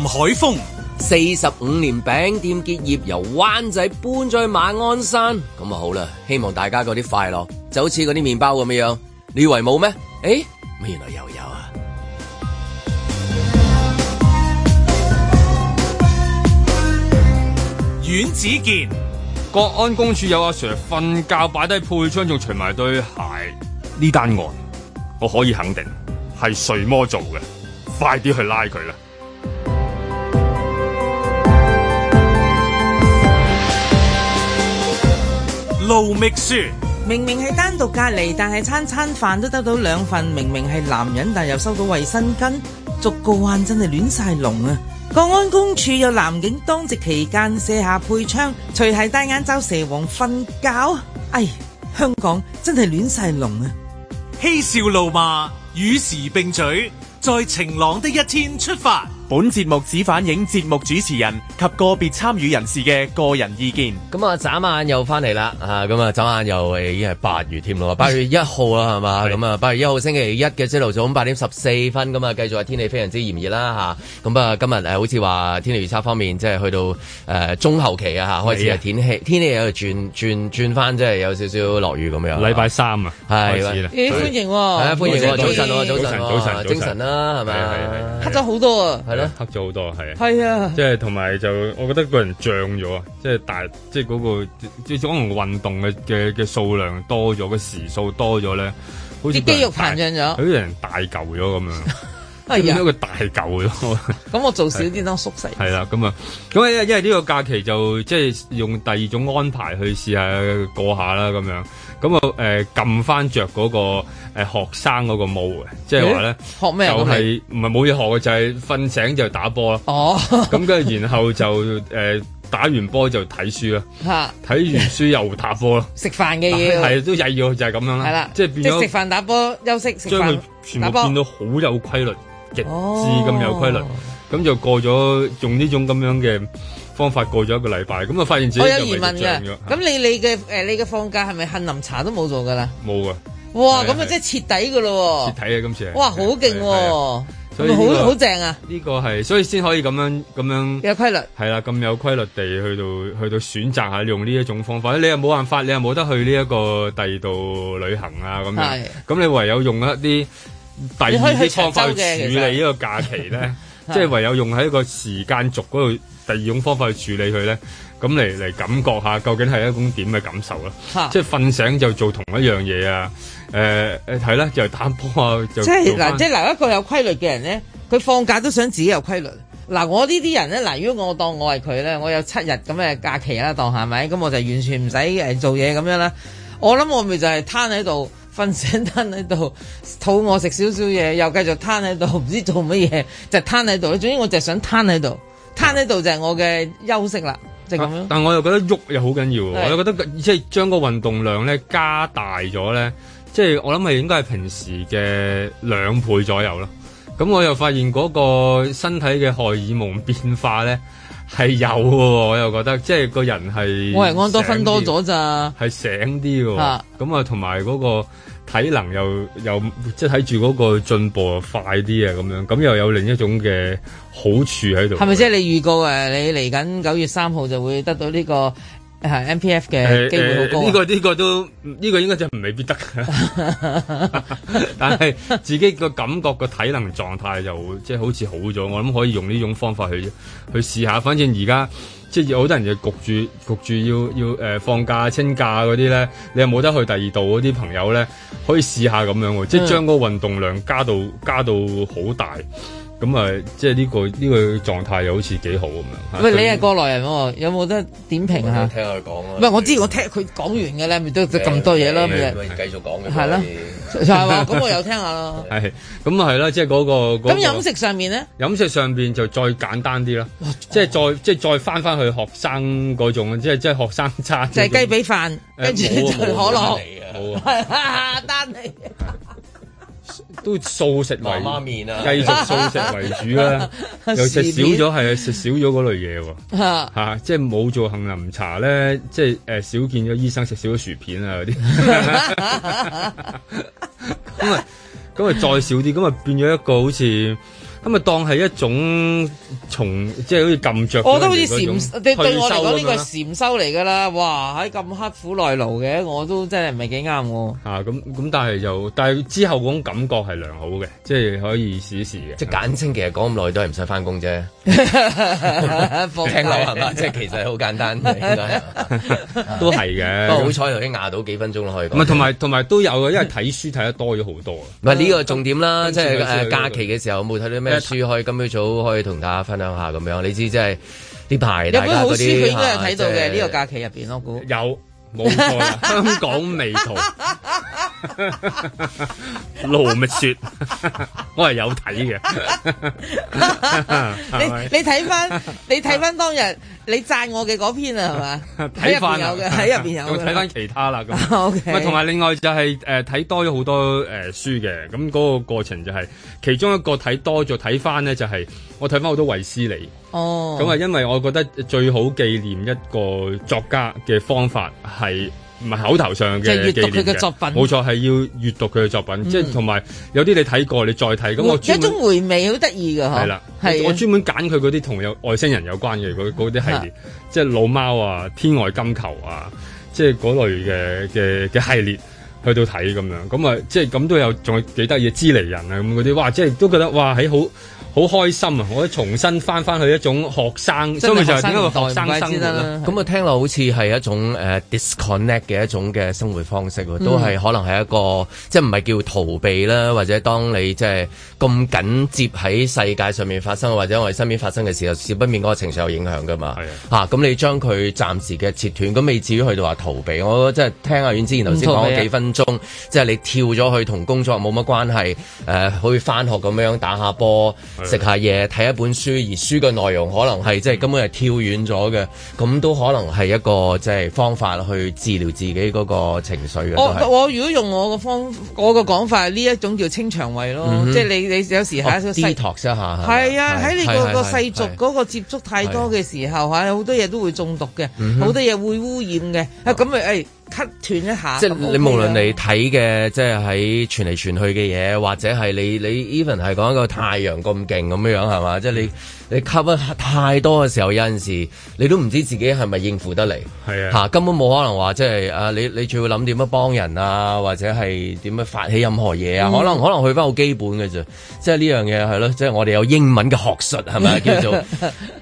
林海峰四十五年餅店結業，由灣仔搬咗去馬鞍山，咁啊好啦，希望大家嗰啲快樂就好似嗰啲麵包咁樣樣，你以為冇咩？誒、欸，咩原來又有啊？阮子健，國安公署有阿 Sir 瞓覺擺低配槍，仲除埋對鞋，呢單案我可以肯定係睡魔做嘅，快啲去拉佢啦！路蜜雪明明係單獨隔離，但係餐餐飯都得到兩份。明明係男人，但又收到衛生巾，逐個彎真係亂晒龍啊！國安公署有男警當值期間卸下配槍，隨係戴眼罩蛇王瞓覺。唉、哎，香港真係亂晒龍啊！嬉笑怒罵與時並舉，在晴朗的一天出發。本節目只反映節目主持人及個別參與人士嘅個人意見。咁啊，眨眼又翻嚟啦，啊，咁啊，眨眼又已經係八月添咯，八月一號啊，係嘛，咁啊，八月一號星期一嘅朝頭早，八點十四分咁啊，繼續係天氣非常之炎熱啦，吓，咁啊，今日好似話天氣預測方面，即係去到誒中後期啊，吓，開始係天氣天氣又轉轉轉翻，即係有少少落雨咁樣。禮拜三啊，係歡迎，係啊，歡迎，早晨啊，早晨，早晨，早晨，精神啦，係咪？黑咗好多啊，黑咗好多係，係啊，即係同埋就，我覺得個人脹咗，啊，即係大，即係嗰個即係可能運動嘅嘅嘅數量多咗，個時數多咗咧，啲肌肉膨脹咗，好似人大嚿咗咁樣，變咗 的個大嚿咗，咁 我做少啲都縮細，係啦，咁啊，咁因為因為呢個假期就即係、就是、用第二種安排去試下過下啦咁樣。咁啊，誒撳翻着嗰個誒、呃、學生嗰個帽嘅，即係話咧，學咩就係唔係冇嘢學嘅，就係、是、瞓醒就打波啦。哦，咁跟住然後就誒、呃、打完波就睇書啦。嚇，睇完書又打波咯。哈 食飯嘅嘢，係都曳咗就係、是、咁樣啦。係啦了，即係變咗。即係食飯、打波、休息、食飯、打波，將佢全部球變到好有規律，極致咁有規律，咁、哦、就過咗用呢種咁樣嘅。方法過咗一個禮拜，咁啊發現自己、哦、有疑問嘅。咁了你你嘅誒你嘅放假係咪杏林茶都冇做噶啦？冇啊！哇！咁啊即係徹底噶咯喎！徹底啊！今次哇，好勁喎！好好正啊！呢個係所以先可以咁樣咁樣有規律係啦，咁有規律地去到去到選擇下用呢一種方法。你又冇辦法，你又冇得去呢一個第二度旅行啊咁樣。咁的你唯有用一啲第二啲方法去處理呢個假期咧， 即係唯有用喺一個時間軸嗰度。第二種方法去處理佢咧，咁嚟嚟感覺下究竟係一種點嘅感受啦。哈即係瞓醒就做同一樣嘢啊！誒、呃、誒，睇啦就打波啊！就即係嗱，即係嗱一個有規律嘅人咧，佢放假都想自己有規律。嗱、啊，我呢啲人咧，嗱，如果我當我係佢咧，我有七日咁嘅假期啦，當係咪？咁我就完全唔使誒做嘢咁樣啦。我諗我咪就係攤喺度瞓醒，攤喺度肚餓食少少嘢，又繼續攤喺度，唔知做乜嘢就攤喺度。總之我就係想攤喺度。攤呢度就係我嘅休息啦，就咁樣。是。啊，但係我又覺得喐又好緊要，我又覺得即係將個運動量咧加大咗咧，即係我諗係應該係平時嘅兩倍左右咯。咁我又發現嗰個身體嘅荷爾蒙變化咧係有嘅，我又覺得即係個人係我係安多芬多咗咋，係醒啲喎。咁啊，同埋嗰個。體能又又即係睇住嗰個進步啊，快啲啊，咁樣咁又有另一種嘅好處喺度，係咪即係？你預告誒，嗯、你嚟緊九月三號就會得到呢、呢個係、啊、M P F 嘅機會好高。呢、呃呃呢個呢、呢個都呢、呢個應該就唔未必得， 但係自己個感覺個 體能狀態又即係好似好咗，我諗可以用呢種方法去去試下，反正而家。即係有好多人要焗住焗住要要誒、呃、放假、清假嗰啲咧，你又冇得去第二度嗰啲朋友咧，可以試下咁樣喎，即係將嗰個運動量加到加到好大。咁啊，即係呢個呢個狀態又好似幾好咁樣。喂，你係過來人喎，有冇得點評下？聽下佢講咯。唔係我知，我聽佢講完嘅咧，咪都咁多嘢咯。繼續講嘅。係咯。係嘛？咁我又聽下咯。係。咁啊係啦，即係嗰個。咁飲食上面咧？飲食上邊就再簡單啲啦。即係再即係再翻翻去學生嗰種，即係即係學生餐。就係雞髀飯，跟住就可樂。單嚟嘅。都素食為，媽媽麵啊，繼續素食為主啦，又食 少咗，係啊食少咗嗰類嘢喎，吓即係冇做杏林茶咧，即係誒少見咗醫生食少咗薯片啊嗰啲，咁啊咁啊再少啲，咁啊變咗一個好似。咁咪當係一種從即係好似撳着，我覺得好似禪對我嚟講，呢個禪修嚟噶啦，哇！喺咁刻苦耐勞嘅，我都真係唔係幾啱喎。咁咁，但係就但係之後嗰種感覺係良好嘅，即係可以試一試嘅。即係簡稱，其實講咁耐都係唔使翻工啫，放聽落係嘛？即係其實好簡單，都係嘅。好彩頭先捱到幾分鐘咯，可以。唔係同埋同埋都有嘅，因為睇書睇得多咗好多。唔係呢個重點啦，即係假期嘅時候冇睇到咩？書可以今朝早可以同大家分享下咁樣，你知即係呢排大家嗰啲，書應該有睇到嘅呢、啊就係，個假期入邊咯，估有。冇錯 香港未圖，盧密 蜜雪， 我係有睇嘅。 你你睇翻，你睇翻當日你讚我嘅嗰篇啊，係嘛？喺入邊有嘅，喺入邊有嘅，睇翻其他啦，咁。同埋另外就係誒睇多咗好多誒、呃、書嘅，咁嗰個過程就係、是、其中一個睇多咗睇翻呢就係、是、我睇翻好多衛斯理。哦，咁啊，因為我覺得最好紀念一個作家嘅方法係唔係口頭上嘅，即係閱讀佢嘅作品，冇錯，係要閱讀佢嘅作品，嗯、即係同埋有啲你睇過，你再睇咁我。有一種回味好得意嘅嗬，係啦了，係的我專門揀佢嗰啲同有外星人有關嘅嗰啲系列，啊、即係老貓啊、天外金球啊，即係嗰類嘅嘅嘅系列去到睇咁樣，咁啊即係咁都有仲有幾得意，嘅支離人啊咁嗰啲，哇，即係都覺得哇喺好。好開心啊！我重新翻翻去一種學生，即係學生嘅學生生活啦。咁啊，我聽落好似係一種誒、uh, disconnect 嘅一種嘅生活方式、嗯、都係可能係一個即係唔係叫逃避啦，或者當你即係咁緊接喺世界上面發生，或者我哋身邊發生嘅時候，少不免嗰個情緒有影響噶嘛。係咁的、啊、咁你將佢暫時嘅切斷，咁未至於去到話逃避。我即係聽阿遠之前頭先講幾分鐘，啊、即係你跳咗去同工作冇乜關係，誒、呃、可以翻學咁樣打下波。食下嘢，睇一本書，而書嘅內容可能係即係根本係跳遠咗嘅，咁都可能係一個即係方法去治療自己嗰個情緒嘅。我我如果用我個方，我個講法呢，一種叫清腸胃咯，嗯、哼即係你你有時喺個 Detox、哦、一下，係啊，喺你個個世俗嗰個接觸太多嘅時候嚇，好多嘢都會中毒嘅，好、嗯、哼多嘢會污染嘅，咁咪誒。嗯哼啊 cut 斷一下，即係你無論你睇嘅， 即係喺傳嚟傳去嘅嘢，或者係你你 even 係講一個太陽咁勁咁樣樣係嘛，即係你。你吸得太多嘅時候，有陣時你都唔知自己係咪應付得嚟，係的啊，嚇根本冇可能話即係啊！你你最會諗點樣幫人啊，或者係點樣發起任何嘢啊、嗯可？可能可能去翻好基本嘅啫，即係呢樣嘢係咯，即係我哋有英文嘅學術係咪叫做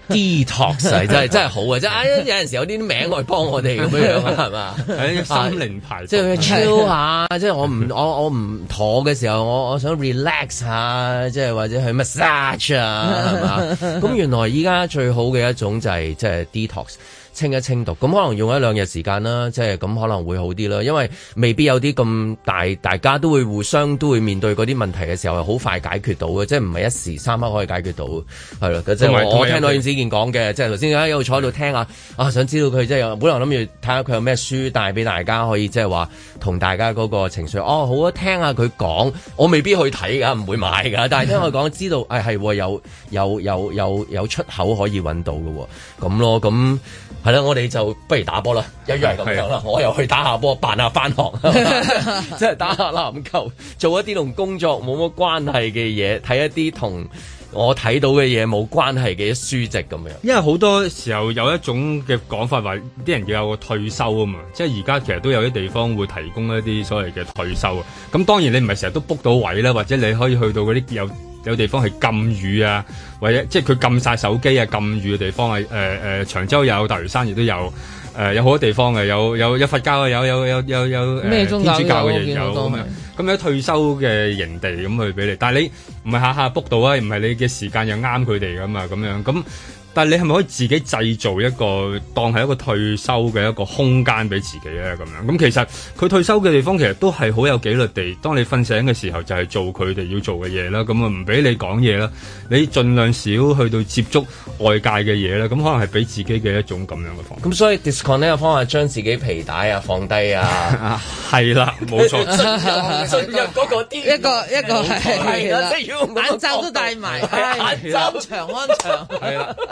detox，真係真係好 啊！即有陣時有啲名嚟幫我哋咁樣啊，係嘛？喺 心靈排，即係 chill 下，即係 我唔我我唔妥嘅時候，我我想 relax 下，即係或者去 massage 啊，係嘛？ 咁原來依家最好嘅一種就係即係 detox。就是 det 清一清毒，咁可能用一兩日時間啦，即係咁可能會好啲啦。因為未必有啲咁大，大家都會互相都會面對嗰啲問題嘅時候，係好快解決到嘅，即係唔係一時三刻可以解決到嘅，係啦。即係我，我，我聽到尹子健講嘅，即係頭先有度坐喺度聽下，對 啊，想知道佢即係本來我諗住睇下佢有咩書帶俾大家可以，即係話同大家嗰個情緒哦，好啊，聽下佢講，我未必去睇㗎，唔會買㗎，但係聽佢講知道，誒、哎、係有有有有有，有，有，有，有出口可以揾到嘅喎，咁咯，咁。係啦、啊，我哋就不如打波啦，一樣係咁樣啦。啊、我又去打下波，扮下翻學，即係 打下籃球，做一啲同工作冇乜關係嘅嘢，睇一啲同我睇到嘅嘢冇關係嘅書籍咁樣。因為好多時候有一種嘅講法，話啲人要有個退休啊嘛，即係而家其實都有啲地方會提供一啲所謂嘅退休啊。咁當然你唔係成日都 book 到位啦，或者你可以去到嗰啲有。有地方係禁語啊，或者即係佢禁晒手機啊、禁語嘅地方啊。誒誒，長洲又有，大嶼山亦都有。誒有好多地方嘅，有有有佛教啊，有有有有有誒天主教嘅亦有咁啊。咁有退休嘅營地咁去俾你，但係你唔係下下 book 到啊，唔係你嘅時間又啱佢哋咁啊，咁樣咁。但係你係咪可以自己製造一個當係一個退休嘅一個空間俾自己咧？咁樣咁其實佢退休嘅地方其實都係好有紀律地。當你瞓醒嘅時候就係做佢哋要做嘅嘢啦，咁啊唔俾你講嘢啦，你儘量少去到接觸外界嘅嘢啦。咁可能係俾自己嘅一種咁樣嘅方法。咁所以 disconnect 呢個方法將自己皮帶啊放低啊，係啦，冇錯，進入嗰個，一個一個係啦，眼罩都戴埋，眼罩長安長，係啦。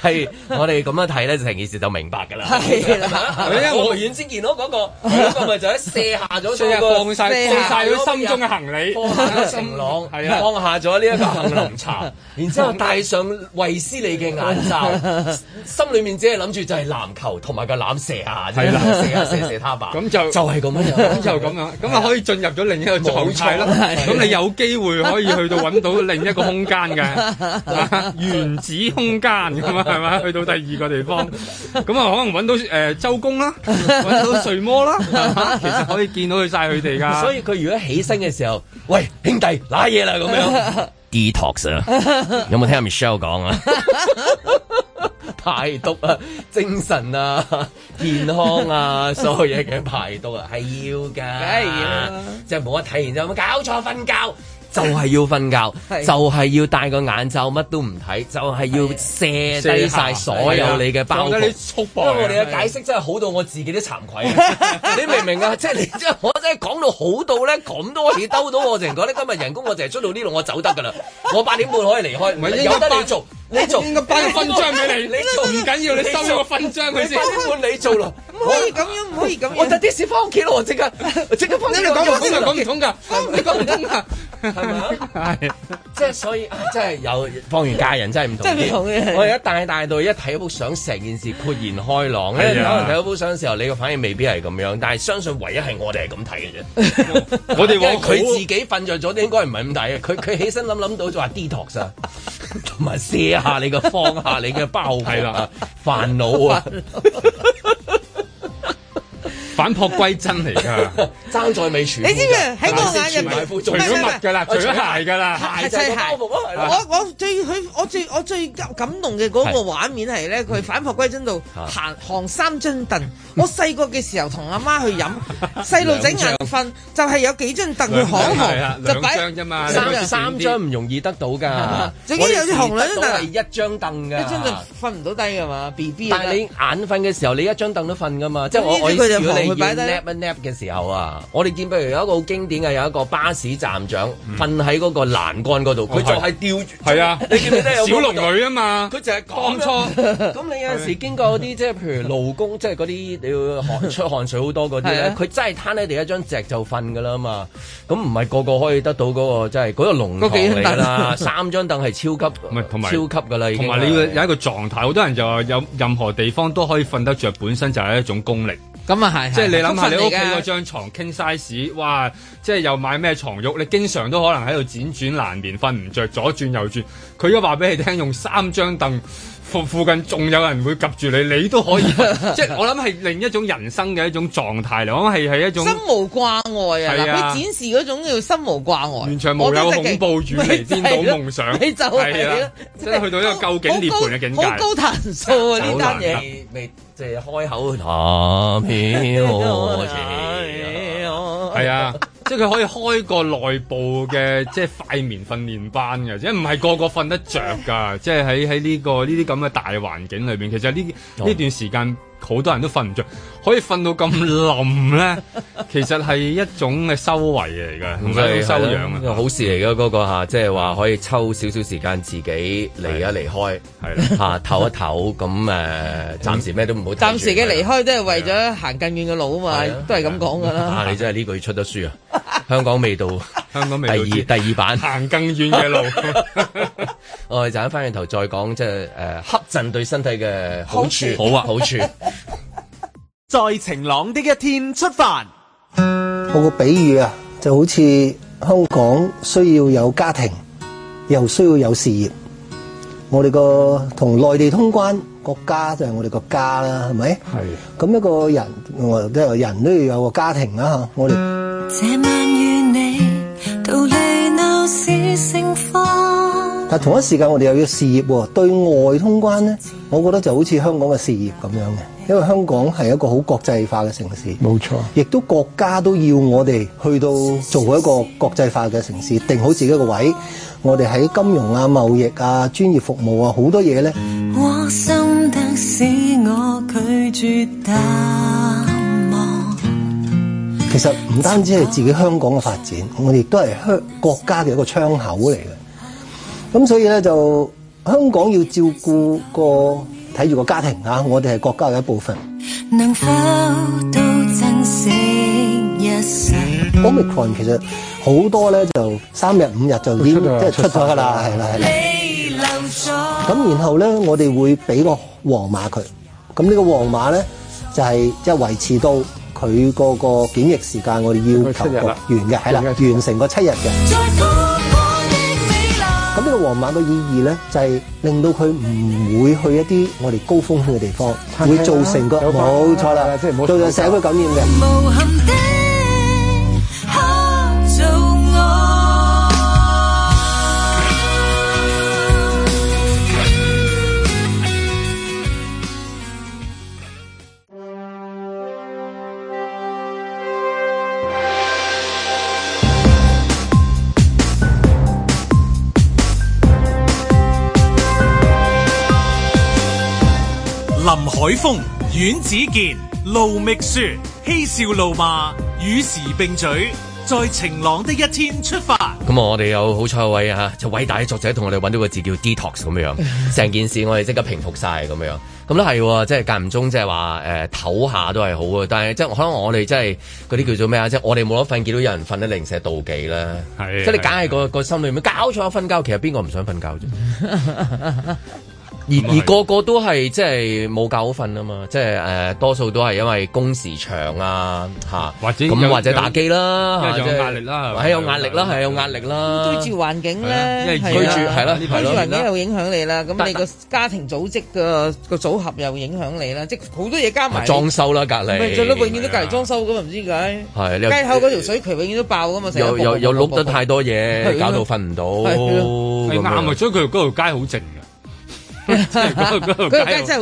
係我哋咁樣睇咧，成件事就明白噶啦。係啦，我原先見到嗰個，嗰個咪就喺卸下咗，放晒放咗心中嘅行李，放下晴朗，係啊，放下咗呢一個杏林茶，然之後戴上衛斯理嘅眼罩，心裏面只係諗住就係籃球同埋個籃射下啫，射下射下他吧。咁就就係咁樣樣，就咁樣，咁啊可以進入咗另一個狀態咯。咁你有機會可以去到揾到另一個空間嘅原子空間。係嘛？ 去到第二個地方，咁啊，可能揾到誒、呃、周公啦，揾到睡魔啦，其實可以見到佢晒佢哋㗎。 所以佢如果起身嘅時候，喂兄弟，攋嘢啦咁樣 ，detox 啊，有冇聽阿 Michelle 講啊？ 排毒啊，精神啊，健康啊，所有嘢嘅排毒啊，係要㗎，梗係要，即係冇得睇，然之後搞錯瞓覺。就係要瞓覺，的就係要戴個眼罩，乜都唔睇，就係、是、要卸低晒所有你嘅包袱。因為我哋嘅解釋真係好到我自己都慚愧。 你明唔明啊？即、就、係、是、你即係我真係講到好到咧咁多，你兜到我成個咧。今日人工我淨係出到呢度，我走得噶啦。我八點半可以離開，唔係應該做。有8，你做，我發個勳章俾你。你做，唔緊做做要，你收咗我勳章先。八點半你做咯。 唔可以咁樣，唔可以咁樣。我就即時翻屋企咯，即刻，即刻翻。你咪你咪講唔通噶，你講唔通噶，係咪啊？係。即係所以，真係有放完假人真係唔同。真係唔同嘅。我而家大大到一睇到幅相，成件事豁然開朗。睇到一相嘅時候，你嘅反應未必係咁樣，但係相信唯一係我哋係咁睇嘅啫。我哋話佢自己瞓着咗，啲應該唔係咁睇嘅。佢佢起身諗諗到就話 detox，同埋卸下你嘅放下你嘅包袱啦，煩惱啊。反璞歸真嚟㗎，爭在尾廚。你知唔知喺我眼入面，是是除咗襪嘅啦，除咗鞋嘅啦，鞋就係拖布。我我最佢我最我最感動嘅嗰個畫面係咧，佢反璞歸真度的行行三張凳。嗯我細個嘅時候同阿媽去飲，細路仔眼瞓就係有幾張凳可以紅，就擺三張唔容易得到㗎。總之有啲紅啦，但係一張凳㗎，一張凳瞓唔到低㗎嘛。B B，但係你眼瞓嘅時候，你一張凳都瞓㗎嘛。即係我我如果佢擺得，nap a nap 嘅時候啊，我哋見譬如有一個好經典嘅，有一個巴士站長瞓喺嗰個欄杆嗰度，佢就係吊。係啊，你叫佢即係小龍女啊嘛。佢就係當初。咁你有時經過嗰啲即係譬如勞工，即係嗰啲。要汗出汗水好多嗰啲咧，佢、 啊、真係攤喺第一張席就瞓噶啦嘛。咁唔係個個可以得到嗰、嗰個，即係嗰個龍台嚟噶啦。 三張凳係超級唔係同埋超級噶啦，已經同埋你要有一個狀態，好多人就話有任何地方都可以瞓得着，本身就係一種功力。咁啊係，即係你諗下你屋企嗰張床 king size，哇！即係又買咩床褥，你經常都可能喺度輾轉難眠，瞓唔着，左轉右轉。佢而家話俾你聽，用三張凳附附近仲有人會及住你，你都可以。即係我諗係另一種人生嘅一種狀態嚟，我諗係係一種心無掛礙啊！嗱，你展示嗰種叫心無掛礙，完全冇有恐怖遠離顛倒夢想，你就係即真係去到一個究竟涅槃嘅境界。好高談闊啊呢單嘢！未即係開口談片，係啊，即係佢可以開個內部嘅即係快眠訓練班嘅，即係唔係個個瞓得着噶，即係喺喺呢個呢啲咁嘅大環境裏邊，其實呢呢 段時間。好多人都瞓唔着，可以瞓到咁冧咧，其實係一種嘅修為嚟噶，唔使 修養啊，好事嚟噶嗰個吓，即係話可以抽少少時間自己離一離開，係啦吓唞一唞，咁誒暫時咩都唔好，暫時嘅離開都係為咗行更遠嘅路啊嘛，都係咁講噶啦。 啊，你真係呢句出得書啊！香港味道，香港味道，第二 第二版行更遠嘅路。 我哋就喺翻轉頭再講，即係誒，瞌枕對身體嘅好處，好處好啊，好處。 在晴朗的一天出發。我個比喻啊，就好似香港需要有家庭，又需要有事業。我哋個同內地通關，國家就係我哋個家啦，係咪？係是。咁一個人，我都有人都要有個家庭啦。吓，我哋。這晚與你你但同一時間，我哋又要事業、啊、對外通關咧。我覺得就好似香港嘅事業咁樣嘅。因為香港係一個好國際化嘅城市，冇錯錯，亦都國家都要我哋去到做一個國際化嘅城市，定好自己嘅位。我哋喺金融啊、貿易啊、專業服務啊好多嘢呢。嗯、其實唔單止係自己香港嘅發展，我哋都係香國家嘅一個窗口嚟嘅。咁所以呢，就香港要照顧個。睇住個家庭啊！我哋係國家嘅一部分。Omicron 其實好多咧，就三日五日就已經即係出咗㗎啦，係啦係。咁然後咧，我哋會俾個黃碼佢。咁呢個黃碼咧，就係即係維持到佢嗰個檢疫時間，我哋要求個完嘅，係啦，完成個七日嘅。再咁呢個黃碼嘅意義咧，就係、是、令到佢唔會去一啲我哋高風險嘅地方，的會造成個冇的錯啦，造成社會感染量。無林海峰、阮子健、盧覓雪，嬉笑怒罵，與時並舉，在晴朗的一天出發。咁啊，我哋有好彩位啊，就偉大嘅作者同我哋揾到個字叫 detox 咁樣，成件事我哋即刻平復晒咁樣。咁都係，即係間唔中即係話誒唞下都係好啊。但係即係可能我哋真係嗰啲叫做咩啊？即係我哋冇得瞓，見到有人瞓得零舍妒忌咧。即係是你梗係、嗰個個的心裏面搞錯，瞓覺其實邊個唔想瞓覺啫？ 而而個個都係即係冇覺好瞓啊嘛！即係誒多數都係因為工時長啊，嚇，咁或者打機啦，係有壓力啦，係有壓力啦，係有壓力啦。居住環境咧，居住係，居住環境又影響你啦。咁你個家庭組織個個組合又影響你啦。即好多嘢加埋。裝修啦，隔離。咪最多永遠都隔離裝修噶，唔知解。街口嗰條水渠永遠都爆噶嘛，成日又碌得太多嘢，搞到瞓唔到。啱啊！所以佢嗰條街好靜。嗰條街真係好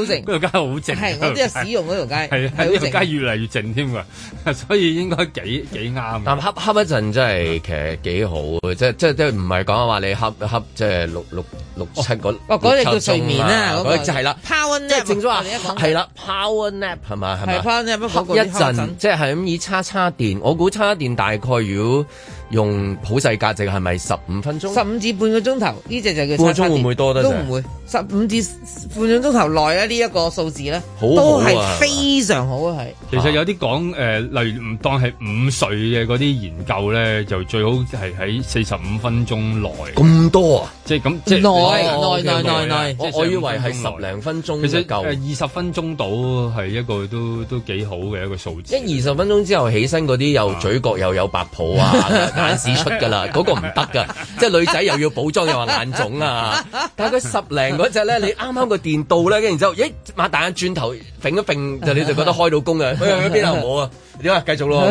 靜，嗰條街好靜。係我今日使用嗰條街，係啊，嗰條街越嚟越靜添啊！所以應該幾幾啱。但係瞌瞌一陣真係其實幾好，即係即係即係唔係講話你瞌瞌，即係六六六七個六七鐘啊？嗰個叫睡眠啊，嗰個就係啦，power nap。即係正所謂，係啦，power nap 係嘛係嘛？瞌一陣即係係咁以叉叉電，我估叉電大概如果。用普世價值係咪十五分鐘？十五至半個鐘頭，呢隻就叫半個鐘會唔會多得？都唔會，十五至半個鐘頭內啊！呢一個數字咧，都係非常好啊！係。其實有啲講誒，例如唔當係午睡嘅嗰啲研究咧，就最好係喺四十五分鐘內。咁多啊？即係咁，內耐耐耐。內，我以為係十零分鐘。其實誒，二十分鐘到係一個都都幾好嘅一個數字。一二十分鐘之後起身嗰啲又嘴角又有白泡啊！眼屎出㗎啦，嗰、嗰個唔得㗎，即係女仔又要補妝又話眼腫啊，但係佢十零嗰隻咧，你啱啱個電到咧，跟住之後，咦，擘大眼轉頭揈一揈，就你就覺得開到工嘅，去邊啊我啊？喂喂喂你話繼續咯，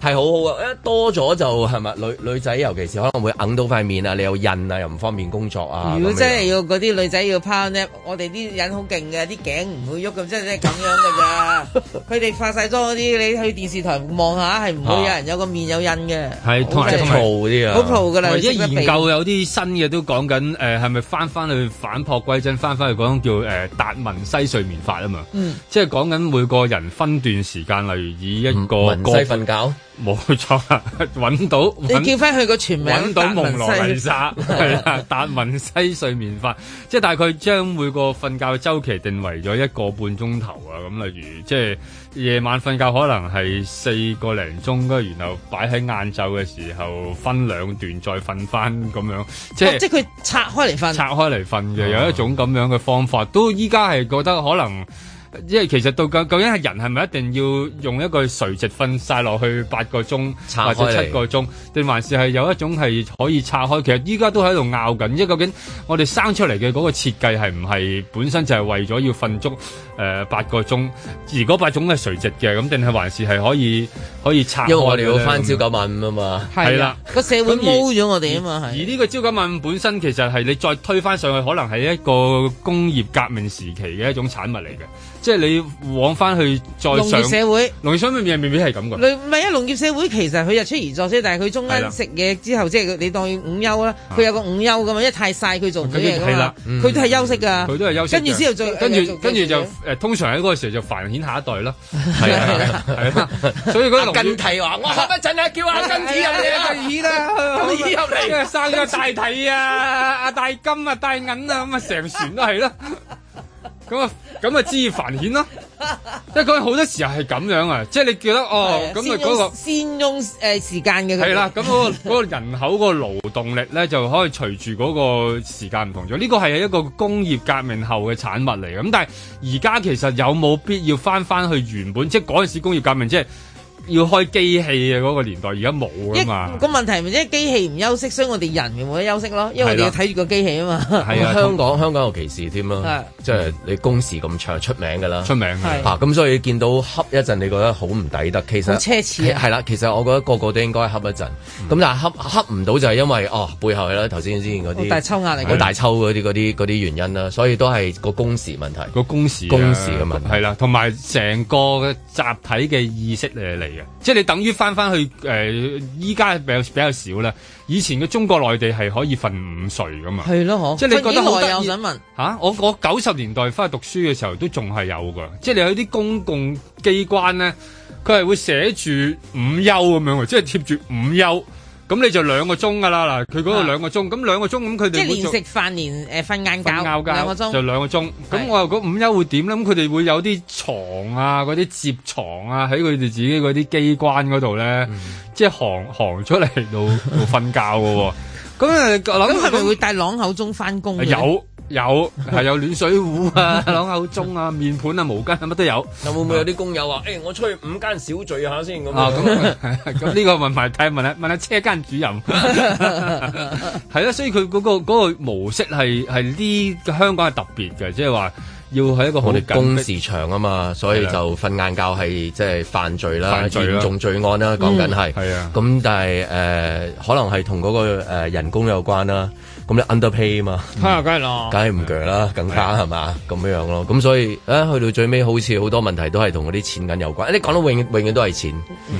係好好啊！一多咗就係咪女女仔，尤其是可能會揞到塊面啊，你有印啊，又唔方便工作啊。如果真係要嗰啲女仔要趴我哋啲人好勁嘅，啲頸唔會喐咁，真係咁樣㗎咋？佢哋化晒妝嗰啲，你去電視台望下，係唔會有人有個面有印嘅。係同埋啲啊，鋪㗎啦。而家研究有啲新嘅都講緊，誒係咪翻翻去反璞歸真，翻翻去嗰種叫誒達文西睡眠法啊嘛。即係講緊每個人分段時間，例如以文西瞓覺冇錯啊， 搵到你叫翻佢個全名，搵到蒙羅尼沙，係啊達 文西睡眠法，即係大概將每個瞓覺嘅周期定為咗一個半鐘頭啊，咁例如即係夜晚瞓覺可能係四個零鐘，跟住然後擺喺晏晝嘅時候分兩段再瞓翻咁樣，即係、哦、即係佢拆開嚟瞓，拆開嚟瞓嘅有一種咁樣嘅方法，都依家係覺得可能。因為其實到究究竟係人係咪一定要用一個垂直瞓晒落去八個鐘或者七個鐘，定還是係有一種係可以拆開？其實依家都喺度拗緊，即係究竟我哋生出嚟嘅嗰個設計係唔係本身就係為咗要瞓足誒、呃、八個鐘？而嗰八個鐘係垂直嘅，咁定係還是係可以可以拆開？因為我要我哋要翻朝九晚五啊嘛，係啦個社會踎咗我哋啊嘛，係。而呢個朝九晚五本身其實係你再推翻上去，可能係一個工業革命時期嘅一種產物嚟嘅。即係你往翻去再，農業社會，農業社會嘅嘢未必係咁嘅。唔係啊，農業社會其實佢日出而作，所以但係佢中間食嘢之後，即係你當午休啦。佢有個午休噶嘛，因為太晒佢做嘢啊，佢都係休息噶。佢都係休息。跟住之後再，跟住跟住就誒，通常喺嗰個時候就繁衍下一代咯。係啊係啊，所以嗰個近題話，我下一陣叫阿根子入嚟啊，椅啦，咁椅又嚟啊，生咗大體啊，阿大金啊，大銀啊，咁啊，成船都係咯。咁啊，咁啊，知易繁衍咯，即係佢好多時候係咁樣啊，即係你覺得哦，咁啊嗰、嗰個先用誒時間嘅，係啦、啊，咁、嗰個、嗰個人口個勞動力咧，就可以隨住嗰個時間唔同咗，呢個係一個工業革命後嘅產物嚟嘅，咁但係而家其實有冇必要翻翻去原本，即係嗰陣時工業革命即係。要開機器嘅嗰個年代，而家冇啊嘛。個問題唔係因為機器唔休息，所以我哋人冇得休息咯。因為我哋要睇住個機器啊嘛。係啊，香港香港有歧視添咯，即係你工時咁長，出名噶啦，出名，咁所以見到恰一陣，你覺得好唔抵得？其實好奢侈。係啦，其實我覺得個個都應該恰一陣。咁但係恰恰唔到就係因為哦背後啦，頭先之前嗰啲大抽壓力，大抽嗰啲啲啲原因啦，所以都係個工時問題。個工時工時嘅問題係啦，同埋成個集體嘅意識嚟嚟。即係你等於翻翻去誒，依家比較比較少啦。以前嘅中國內地係可以瞓午睡噶嘛？係咯的，即係你覺得好有趣，吓我想問、啊、我九十年代翻去讀書嘅時候都仲係有噶。即係你有啲公共機關咧，佢係會寫住午休咁樣，即係貼住午休。咁你就兩個鐘噶啦嗱，佢嗰度兩個鐘，咁、啊、兩個鐘咁佢哋即係連食飯連誒瞓晏覺，覺覺兩個鐘就兩個鐘。咁、啊、我又嗰午休會點咧？咁佢哋會有啲床啊，嗰啲摺床啊，喺佢哋自己嗰啲機關嗰度咧，嗯、即係行行出嚟到瞓 覺嘅喎、喔。咁啊，諗係咪會帶朗口中翻工有？有，係有暖水壺啊、朗口鐘啊、面盤啊、毛巾啊，乜都有。有會唔會有啲工友話，誒是、欸，我出去五間小聚下先咁。啊，咁呢樣 個問埋，睇問下問下車間主任。係 啦、 啊，所以佢嗰、那個、那個模式係係呢香港係特別嘅，即係話要喺一個我哋工時長啊嘛，所以就瞓晏覺係即係犯罪啦，嚴、啊、重罪案啦，講緊係。係啊。咁、嗯啊、但係誒、呃，可能係同嗰個誒人工有關啦、啊。咁你 underpay 啊嘛，梗係啦，梗係唔鋸啦，更加係嘛，咁樣咯，咁所以啊，去到最尾好似好多問題都係同嗰啲錢銀有關，你講到永永遠都係錢，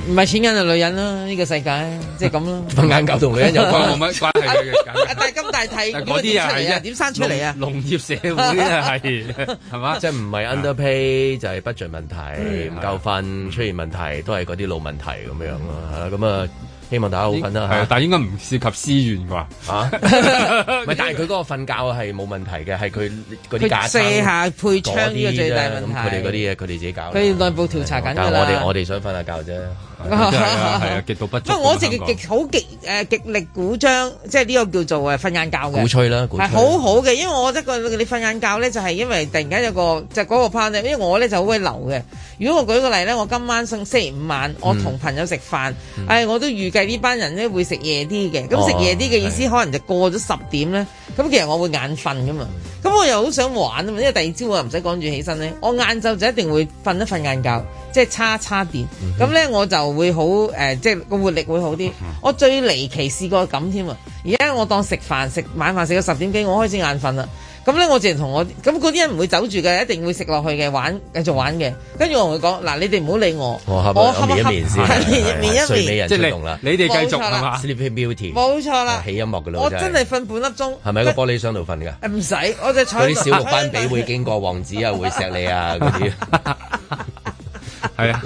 唔係錢銀係女人啦，呢個世界即係咁咯，瞓晏夠同女人有關冇乜關係，但係咁大題嗰啲啊點生出嚟啊？農業社會係係嘛？即係唔係 underpay 就係 budget 問題，唔夠分出現問題都係嗰啲老問題咁樣咯，咁啊。希望大家好瞓啦嚇，但係應該唔涉及私怨啩？嚇，唔係，但係佢嗰個瞓覺係冇問題嘅，係佢嗰啲架四下配槍呢個最大問題。咁佢哋嗰啲嘢，佢哋自己搞。佢內部調查緊㗎啦。但係我哋我哋想瞓下覺啫，係啊，極度不足。我係極極好極誒極力鼓張，即係呢個叫做誒瞓晏覺嘅鼓吹啦，係好好嘅，因為我覺得個你瞓晏覺咧就係因為突然間有個就嗰個 partner，因為我咧就好會流嘅。如果我舉個例咧，我今晚星期五晚，我同朋友食飯，誒、嗯嗯，我都預計呢班人咧會食夜啲嘅，咁食夜啲嘅意思可能就過咗十點咧，咁、哦、其實我會眼瞓噶嘛，咁我又好想玩啊嘛，因為第二朝我又唔使趕住起身咧，我晏晝就一定會瞓一瞓晏覺，即係叉叉電，咁咧、嗯、哼我就會好誒、呃，即係個活力會好啲。我最離奇試過咁添啊，而家我當食飯食晚飯食到十點幾，我開始眼瞓啦。咁咧，我自然同我，咁嗰啲人唔會走住嘅，一定會食落去嘅，玩繼續玩嘅。跟住我同佢講，嗱，你哋唔好理我，我面一面先。」面一面睡美人即啦，你哋繼續 Sleeping Beauty，冇錯啦，起音樂噶啦，我真係瞓半粒鐘。係咪個玻璃箱度瞓㗎？唔使，我就坐喺度。嗰啲小斑比會經過，王子啊會錫你啊嗰啲。係啊，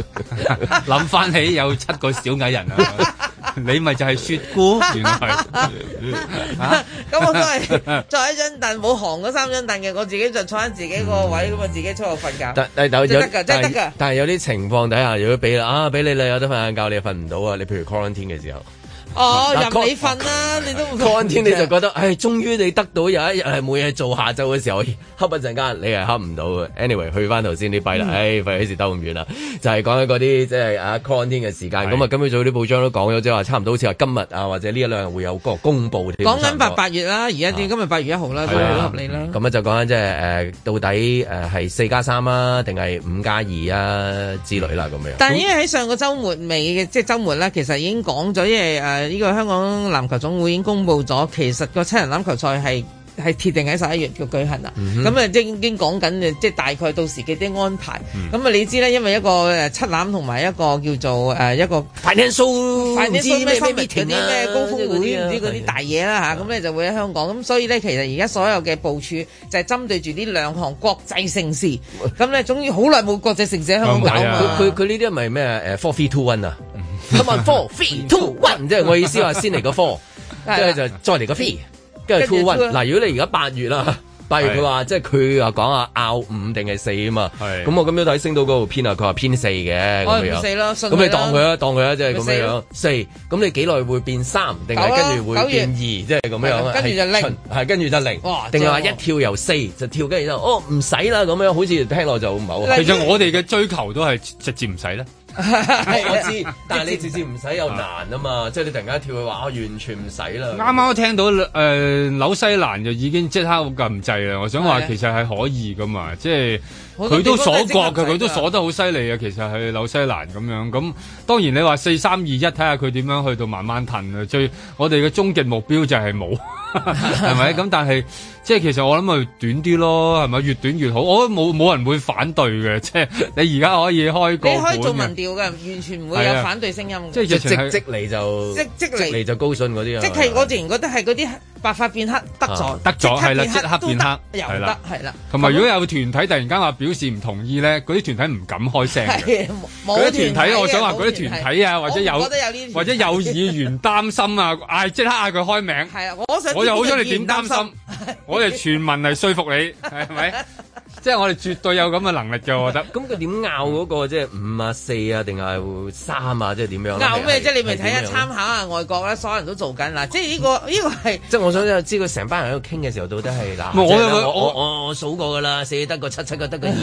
諗翻起有七個小矮人啊！ 你咪就係雪姑？咁、 啊、 我都係坐一張凳，冇行嗰三張凳嘅，我自己就坐喺自己個位咁啊，自己出去瞓覺。即、嗯、但得㗎是，但係有啲情況底下，如果俾啊俾你，你有得瞓晏覺，你又瞓唔到啊！你譬如 quarantine 嘅時候。哦，入、啊、你瞓啦、啊，啊、你都 counting、啊啊、你就覺得，唉、 哎，終於你得到有一日係冇嘢做，下晝嘅時候，瞌一陣間你係瞌唔到 anyway，去翻頭先啲弊啦，唉，費事兜咁遠啦，就係、是、講緊嗰啲即係啊 counting 嘅時間。咁啊的，今日早啲報章都講咗，即係話差唔多好似話今日啊，或者呢一兩日會有個公佈。講講講緊八八月啦，而家啲今日八月一號啦，都好合理啦。咁啊、嗯、就講緊即係誒到底誒係四加三啊，定係五加二啊之類啦咁樣。嗯、但係因為喺上個週末未，即係週末咧，其實已經講咗，因為誒。呢個香港籃球總會已經公布咗，其實個七人籃球賽係，係鐵定喺十一月嘅舉行啊，咁啊即係已經講緊，即係大概到時嘅啲安排。咁啊，你知咧，因為一個誒七欖同埋一個叫做誒一個快艇 s 啲咩高峰會，唔知嗰啲大嘢啦嚇。咁咧就會喺香港。咁所以咧，其實而家所有嘅部署就係針對住呢兩項國際盛事。咁咧，終於好耐冇國際盛事喺香港。搞。佢佢呢啲咪咩誒 four three two one 啊？今晚 four three two one，即係我意思話先嚟個 four，即係就再嚟個 three。即係 two 嗱如果你而家八月啦，八月佢話即係佢話講下拗五定係四啊嘛，咁我咁樣睇升到嗰度偏啊，佢話偏四嘅咁樣，四咯，咁你當佢啦，當佢啦，即係咁樣樣，四，咁你幾耐會變三，定係跟住會變二，即係咁樣樣，跟住就零，係跟住就零，定係話一跳由四就跳跟住就哦唔使啦，咁樣好似聽落就唔好啊。其實我哋嘅追求都係直接唔使咧。係 我知，但係你直接唔使又難啊嘛，即係你突然間跳去話我完全唔使啦。啱啱都聽到誒，紐西蘭就已經即刻好禁制啦。我想話其實係可以噶嘛，即係佢都鎖國嘅，佢都鎖得好犀利啊。其實係紐西蘭咁樣，咁當然你話四三二一，睇下佢點樣去到慢慢騰啊。最我哋嘅終極目標就係冇，係咪？？ 咁但係。即係其實我諗咪短啲咯，係咪越短越好？我覺得冇冇人會反對嘅。即係你而家可以開個，你可以做民調嘅，完全唔會有反對聲音。即係、啊就是、直直嚟就，即即嚟就高信嗰啲啊！即係我自然覺得係嗰啲。白髮變黑，得咗，得咗，係啦，即刻變黑，又得，係啦。同埋，如果有團體突然間話表示唔同意咧，嗰啲團體唔敢開聲。嗰啲團體，我想話嗰啲團體啊，或者有，或者有議員擔心啊，嗌即刻嗌佢開名。係啊，我又好想你點擔心，我哋全民係説服你，係咪？即係我哋絕對有咁嘅能力㗎，我覺得。咁佢點拗嗰個即係五啊、四啊，定係三啊？即係點樣？拗咩？即係你咪睇下參考下外國啦，所有人都做緊嗱。即係呢個呢個係。即係我想知佢成班人喺度傾嘅時候，到底係嗱。我我我我數過㗎啦，四得個七，七個得個二，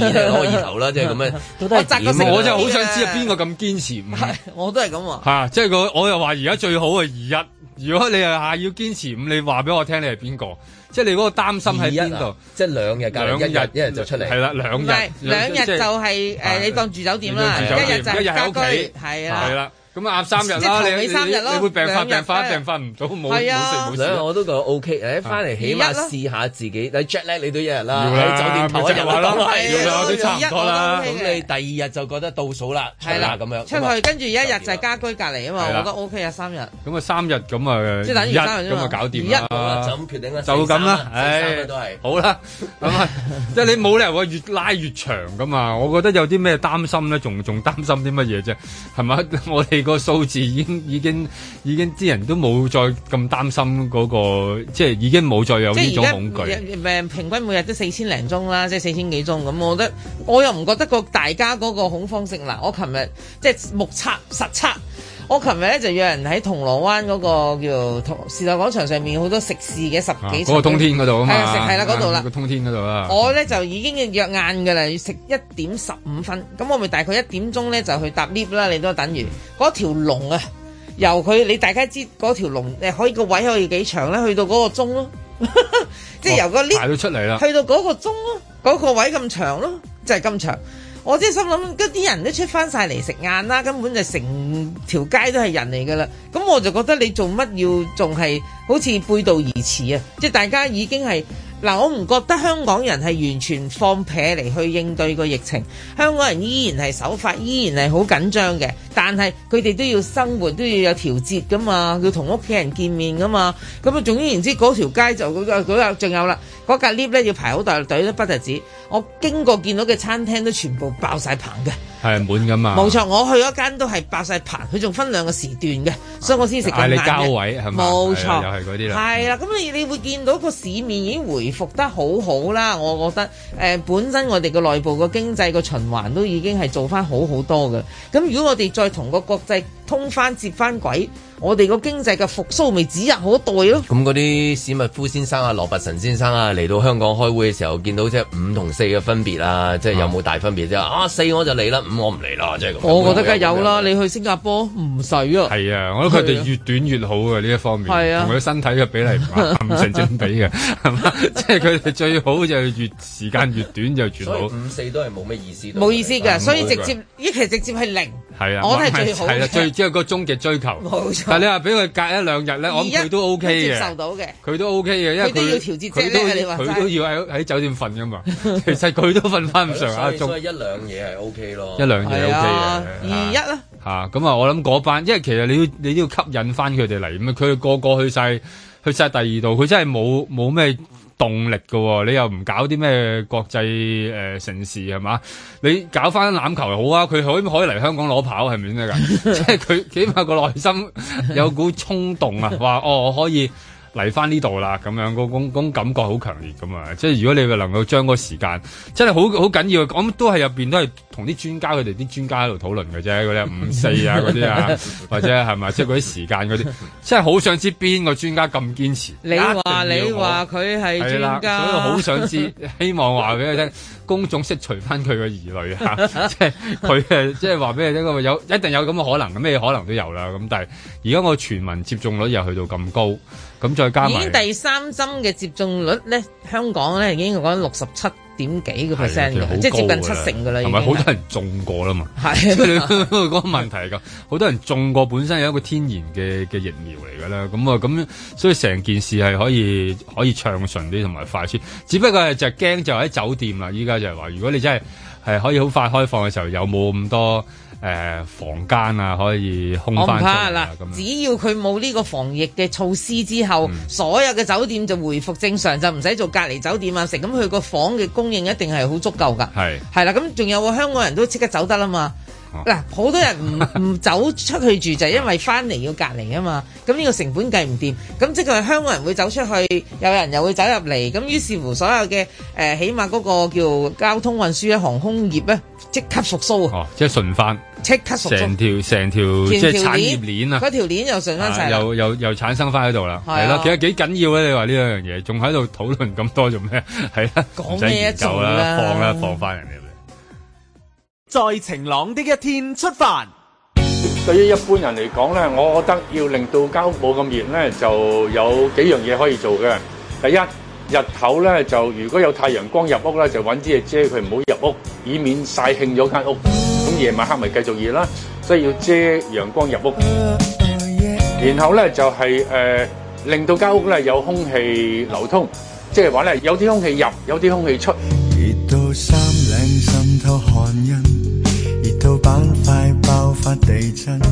二頭啦，即係咁樣。我真係好想知邊個咁堅持五。我都係咁話。即係我我又話而家最好係二一。如果你係要堅持五，你話俾我聽，你係邊個？即係你嗰個擔心喺邊度？即係兩日隔離，一日一日就出嚟。係啦，兩日兩日就係誒，你當住酒店啦，一日就係家居，係啦。咁啊，三日啦，你你你會病發病發病發唔到冇冇事冇事咯，我都覺得 OK。嚟翻嚟起碼試下自己，你 Jetlag 你都一日啦，喺酒店度一日啦，咁係啦，咁你第二日就覺得倒數啦，係啦咁樣出去，跟住一日就係家居隔離啊嘛，我覺得 OK 啊，三日。咁啊，三日咁啊，一日咁啊，搞掂啦，就咁決定啦，就咁啦，唉，都係好啦，咁啊，即係你冇理由話越拉越長噶嘛，我覺得有啲咩擔心咧，仲仲擔心啲乜嘢啫？係咪，我哋。個數字已經、已經、已經，啲人都冇再咁擔心嗰、嗰個，即係已經冇再有呢種恐懼。平均每日都四千零宗啦，即係四千幾宗。咁我覺得我又唔覺得個大家嗰個恐慌性啦，我琴日即係目測實測。我琴日咧就約人喺銅鑼灣嗰個叫做銅時代廣場上面好多食肆嘅十幾，嗰、啊嗰個通天嗰度啊，係啦嗰度啦，通天嗰度啦。我咧就已經約晏㗎啦，要食一點十五分。咁我咪大概一點鐘咧就去搭 lift 啦。你都等於嗰、嗯、條龍啊，由佢你大家知嗰條龍誒可以個位可以幾長咧？去到嗰個鐘咯，即係由個 lift 排到出嚟啦，去到嗰個鐘咯、啊，嗰 個，個、啊嗰個位咁長咯、啊，即係咁長。我即係心諗，嗰啲人都出翻晒嚟食晏啦，根本就成條街都係人嚟噶啦，咁我就覺得你做乜要仲係好似背道而馳啊！即係大家已經係。嗱，我唔覺得香港人係完全放屁嚟去應對個疫情，香港人依然係守法，依然係好緊張嘅。但係佢哋都要生活，都要有調節噶嘛，要同屋企人見面噶嘛。咁啊，總之言之，嗰條街就嗰仲有啦，嗰間 lift 咧要排好大隊都不得止。我經過見到嘅餐廳都全部爆晒棚嘅。係滿㗎嘛？冇錯，我去嗰間都係爆晒棚，佢仲分兩個時段嘅，啊、所以我先食咁晚嘅。係你交位係咪？冇錯，啊、又係嗰啲啦。係啦、啊，咁你你會見到個市面已經回復得好好啦，我覺得。誒、呃，本身我哋個內部個經濟個循環都已經係做翻好好多嘅。咁如果我哋再同個國際通翻接翻鬼，我哋個經濟嘅復蘇未指日可待咯、啊。咁嗰啲史密夫先生啊、羅拔臣先生啊嚟到香港開會嘅時候，見到即係五同四嘅分別啦、啊，即、就、係、是、有冇大分別啫？就是、啊，四我就嚟啦，五我唔嚟啦，即係咁。我覺得梗係有啦，你去新加坡唔使啊。係啊，我覺得佢哋越短越好啊呢一方面，同佢、啊、身體嘅比例唔 成正比嘅，係嘛？即係佢哋最好就係越時間越短就越好。五四都係冇咩意思。冇意思噶，吧所以直接呢期直接係零。係啊，我覺得係最好 即係個終極追求，冇錯，但係你話俾佢隔一兩日咧，我諗佢都 OK 嘅，佢都 OK 嘅，因為佢佢都佢都要喺喺酒店瞓噶嘛，其實佢都瞓翻唔上下鐘，所以一兩嘢係 OK 咯，一兩嘢 OK 二一啦吓，咁啊，我諗嗰班，因為其實你要你都要吸引翻佢哋嚟，咁佢個個去晒去晒第二度，佢真係冇冇咩。動力嘅喎，哦，你又唔搞啲咩國際誒、呃、城市係嘛？你搞翻籃球好啊，佢可唔可以嚟香港攞跑係咪先㗎？是是， 即係佢起碼個內心有股衝動啊，話哦我可以。嚟翻呢度啦，咁樣個感覺好強烈咁啊！即係如果你能夠將個時間，真係好好緊要。咁、嗯、都係入邊都係同啲專家佢哋啲專家喺度討論嘅啫，嗰啲五四啊嗰啲啊， 或者係咪？即係嗰啲時間嗰啲，即係好想知邊個專家咁堅持。你話說、啊、你話佢係專家，所以好想知， 希望話俾佢聽，公眾識除翻佢嘅疑慮啊！即係佢即係話俾你聽有一定有咁嘅可能，咩可能都有啦。咁但係而家我全民接種率又去到咁高。咁再加，已經第三針嘅接種率咧，香港咧已經講六十七點幾個 percent 嘅，即係接近七成嘅啦，已經同埋好多人中過啦嘛。係，即係你個問題嚟㗎，好多人中過本身有一個天然嘅嘅疫苗嚟㗎啦。咁啊咁，所以成件事係可以可以暢順啲同埋快啲。只不過係就驚就喺酒店啦。依家就係話，如果你真係係可以好快開放嘅時候，有冇咁多？誒、呃、房間啊，可以空翻出嚟啦、啊。樣只要佢冇呢個防疫嘅措施之後，嗯、所有嘅酒店就回復正常，就唔使做隔離酒店啊。成咁佢個房嘅供應一定係好足夠㗎。係係、嗯、啦，咁仲有個香港人都即刻走得啦嘛。嗱，好、啊、多人唔唔走出去住就係、因為翻嚟要隔離啊嘛，咁呢個成本計唔掂，咁即係香港人會走出去，有人又會走入嚟，咁於是乎所有嘅誒、呃，起碼嗰個叫交通運輸嘅航空業咧，即刻復甦哦，即係順翻，即刻復甦，成、啊、條成條,條即係產業鏈啊！嗰條,條鏈又順翻成、啊，又又又產生翻喺度啦，係啦、哦，其實幾緊要咧、啊？你話呢兩樣嘢，仲喺度討論咁多做咩？係啊，講咩啊？走啦什，放啦，放翻人哋。在晴朗的一天出發。對於一般人嚟講咧，我覺得要令到間屋冇咁熱咧，就有幾樣嘢可以做嘅。第一日頭咧，就如果有太陽光入屋咧，就揾啲嘢遮佢，唔好入屋，以免曬興咗間屋。咁夜晚黑咪繼續熱啦，所以要遮陽光入屋。Uh, uh, yeah. 然後咧就係、是、誒、呃、令到間屋咧有空氣流通，即係話咧有啲空氣入，有啲空氣出。熱到衫領滲透寒人。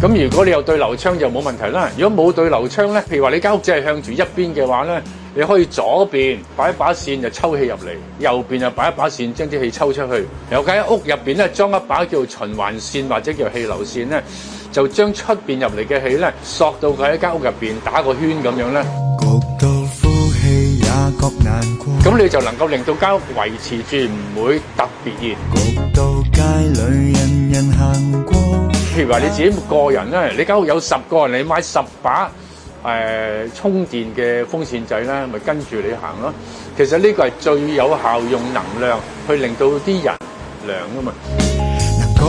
咁如果你有對流窗就冇問題啦，如果冇對流窗咧，譬如話你間屋只係向住一邊嘅話咧，你可以左邊擺一把扇就抽氣入嚟，右邊就擺一把扇將啲氣抽出去，又喺屋入邊咧裝一把叫循環扇或者叫氣流扇咧，就將出邊入嚟嘅氣咧索到佢喺間屋入邊打個圈咁樣咧。咁你就能夠令到間屋維持住，唔會特別熱。到街裏人人行，譬如話你自己個人呢，你間屋有十個人，你買十把，呃，充電嘅風扇仔呢，咪跟住你行囉。其實呢個係最有效用能量去令到啲人涼吖嘛。冷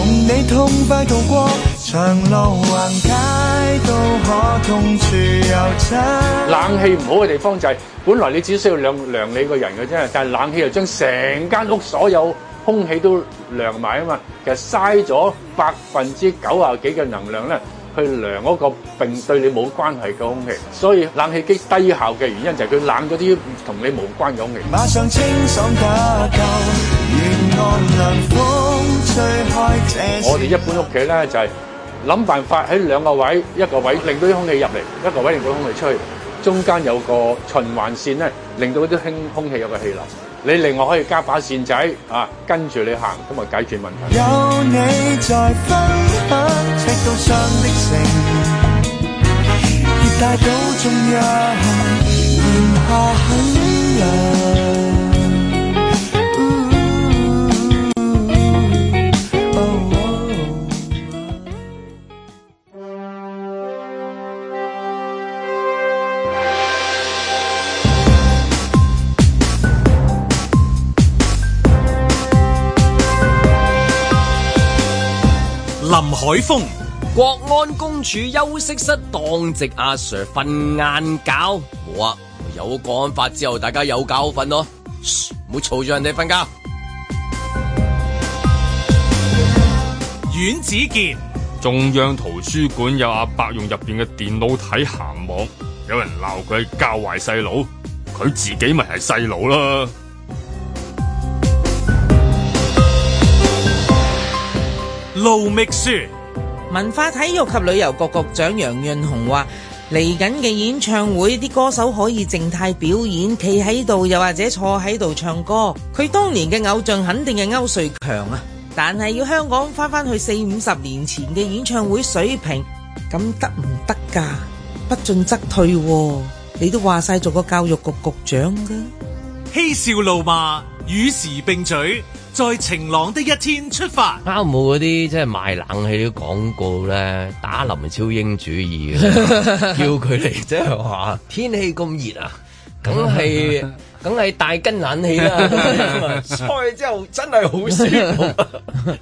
氣唔好嘅地方就係，本來你只需要涼涼你個人嘅啫，但係冷氣又將成間屋所有空氣都涼埋啊嘛，其實嘥咗百分之九啊幾嘅能量咧。去量嗰個並對你冇關係嘅空氣，所以冷氣機低效嘅原因就係佢冷嗰啲同你冇關嘅空氣。我哋一般屋企咧就係、是、諗辦法喺兩個位，一個位令到啲空氣入嚟，一個位令到空氣出去，中間有個循環線咧，令到啲空空氣有個氣流。你令我可以加把扇仔啊，跟住你行，咁咪解決問題。有你在分林海峰，國安公署休息室當值阿 Sir 瞓晏覺，冇啊，有國安法之後，大家有覺瞓咯，噓，唔好嘈住人哋瞓覺。阮子健，中央圖書館有阿伯用入邊嘅電腦睇鹹網，有人鬧佢教壞細佬，佢自己咪係細佬啦。盧覓雪，文化體育及旅遊局局長楊潤雄話：嚟緊嘅演唱會，啲歌手可以靜態表演，企喺度又或者坐喺度唱歌。佢當年嘅偶像肯定係歐瑞強啊，但係要香港翻翻去四五十年前嘅演唱會水平，咁得唔得噶？不進則退，啊，你都話晒做個教育局局長噶，嬉笑怒罵與時並舉。在晴朗的一天出發。啱冇嗰啲即係賣冷氣啲廣告咧，打林超英主意， 叫佢嚟即係話， 天氣咁熱啊，梗係。 梗係大根冷氣啦，吹之後真係好舒服，喔。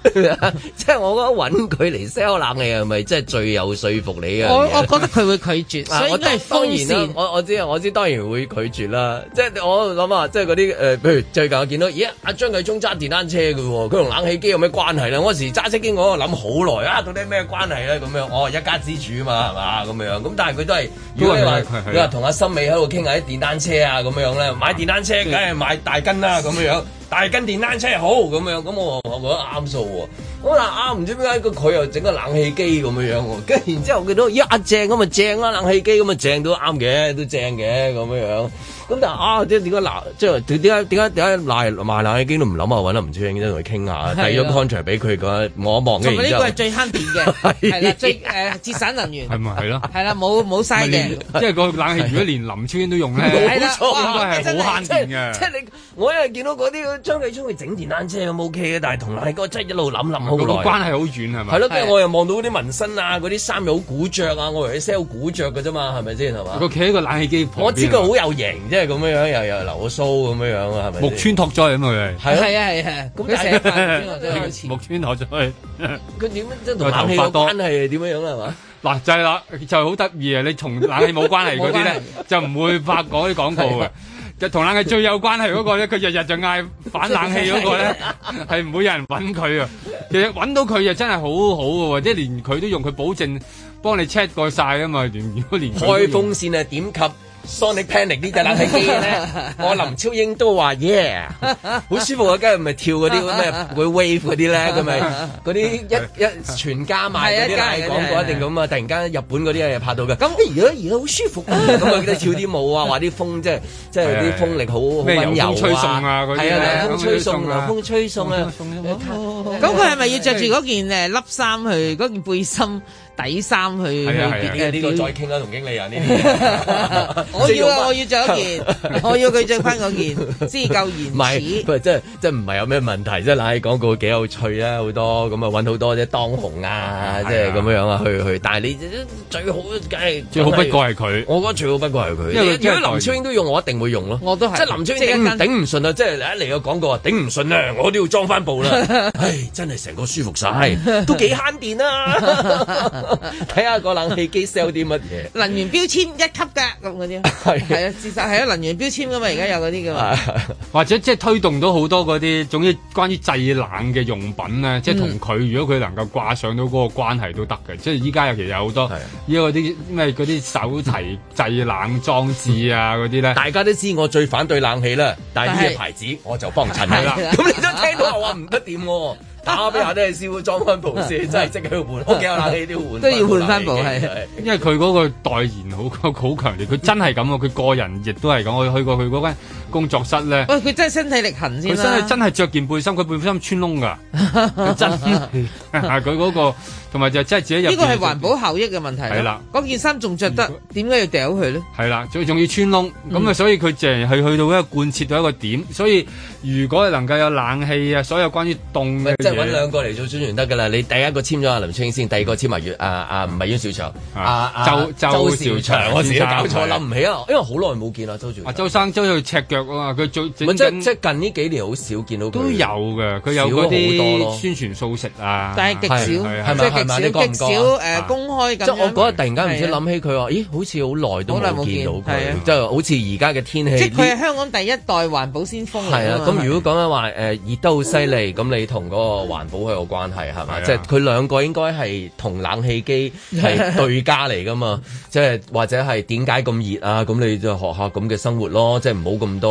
即係 我覺得揾佢嚟 sell 冷氣係咪真係最有說服你啊？我我覺得佢會拒絕，所以我當然善我我知我知，我知，我知當然會拒絕啦。即係我諗啊，即係嗰啲誒，譬如最近我見到，咦？阿張繼聰揸電單車嘅喎，佢同冷氣機有咩關係啦？我時揸車經過，諗好耐啊，到底咩關係咧？咁樣，我、啊、一家之主啊嘛，係嘛咁樣。咁但係佢都係，以為如果你話你話同阿森美喺度傾下啲電單車啊咁樣咧，買電單車梗係買大根啦咁樣樣，大根電單車好咁樣，咁我我覺得啱數喎。咁嗱啊，唔、嗯啊、知點解個佢又整個冷氣機咁樣樣、啊、喎，跟然之後見到一、啊、正咁啊正啦，冷氣機咁啊正都啱嘅，都正嘅咁樣樣。咁但啊！即點解賴？即點點解點解點解賴賣冷氣機都唔諗啊？揾得林超英一同佢傾下，遞咗 c o n t r a c t 俾佢我望一望。從呢個係 最慳電嘅，係啦， 最誒節、呃、省能源。係咪係咯？啦的，冇冇嘥嘅。即係個冷氣如果連林超英都用咧，冇錯啊，應該好慳嘅。即係你，我因為見到嗰啲張繼聰去整電單車咁 OK 嘅，但係同賴哥真係一路諗諗好耐。個關係好遠係咪？係咯，跟住的我又望到嗰啲紋身啊，嗰啲衫又好古着啊，我以為 sell 古着嘅啫嘛，係咪先係嘛？佢企喺個冷氣機旁，我知佢好有型啫。係咁嘅樣，又又留個鬚咁嘅樣，係咪木村拓哉咁佢樣？係係啊係啊，咁成日木村拓哉，木村拓哉，佢點樣真同冷氣有關係？點樣樣啊嘛？嗱就係啦，就係好得意啊！你同冷氣冇關係嗰啲咧，就唔會拍嗰啲廣告嘅。就同冷氣最有關係嗰個咧，佢日日就嗌反冷氣嗰個咧，係唔 會有人揾佢啊？其實揾到佢就真係好好嘅，即係連佢都用，佢保證幫你 check 過晒啊嘛，連如果 連開風扇啊點及？Sony Panic 啲嘅冷氣機咧，我林超英都話耶，好、yeah, 舒服啊！今日唔係跳嗰啲咩會 wave 嗰啲咧，咁咪嗰啲一一,一全家買嗰啲係廣告一定咁啊！突然間日本嗰啲又拍到嘅，咁如果而家好舒服，啊，咁、嗯、得跳啲舞啊，話啲風即係即係啲風力好好吹送啊，係啊，風吹送啊，風吹送啊，送咁佢係咪要着住嗰件誒笠衫去嗰件背心？底衫去，呢個再傾啦，同經理啊呢啲。我要我要着一件，我要佢着翻嗰件知夠原。唔係，唔係，即係即係唔係有咩問題？即係嗱，廣告幾有趣啦，好多咁啊，搵好多即，當紅啊，即係咁樣樣啊，去去。但係你最好梗係最好不過係佢，我覺得最好不過係佢。如果林超英都用，我一定會用咯。我都係，即係林超英頂唔順啦，即係一嚟個廣告頂唔順啦，我都要裝翻部啦。唉，真係成個舒服晒，都幾慳電啦。睇下 個冷氣機 sell 啲乜嘢？ 能源標籤一級嘅，咁嗰啲，係係 啊，事實係啊，能源標籤噶嘛，而家、啊、有嗰啲噶嘛， 或者即係推動到好多嗰啲，總之關於製冷嘅用品咧，即係同佢如果佢能夠掛上到嗰個關係都得嘅，即係依家又其實有好多依家啲咩啲手提製冷裝置啊嗰啲咧，呢大家都知我最反對冷氣啦，但係呢隻牌子我就幫襯佢啦。咁、啊啊啊啊嗯、你都聽到我話唔得掂？ 打俾下都係師傅裝翻部先，真係即刻要換，屋企有冷氣都要換，都要換翻部係。因為佢嗰個代言好，好強烈，佢真係咁喎。佢個人亦都係咁，我去過佢嗰間。工作室咧，喂佢真係身體力行先，佢真係真係著件背心，佢背心穿窿噶，真係佢嗰個同埋就真係自己有，呢個係環保效益嘅問題啦。嗰件衫仲着得，點解要掉佢咧？係啦，仲仲要穿窿，咁啊，所以佢淨係去去到一個貫徹到一個點。所以如果係能夠有冷氣啊，所有關於凍嘅，即係揾兩個嚟做宣傳得㗎啦。你第一個簽咗阿林春先，第二個簽埋阿阿唔係阿周兆祥，周兆祥，我自己搞錯，諗唔起啊，因為好耐冇見啦，周兆祥。周生，周生赤腳。佢最即即近呢幾年好少見到都有嘅，佢有好多宣傳素食啊，但係極少，係咪極少？極少誒公開咁。即我嗰日突然間唔知諗起佢話，咦？好似好耐都冇見到佢，即係好似而家嘅天氣。即佢係香港第一代環保先鋒嚟。係啊，咁如果講緊話誒熱都好犀利，咁你同嗰個環保係有關係係嘛？即係佢兩個應該係同冷氣機係對家嚟㗎嘛？即係或者係點解咁熱啊？咁你就學下咁嘅生活咯，即係唔好咁多。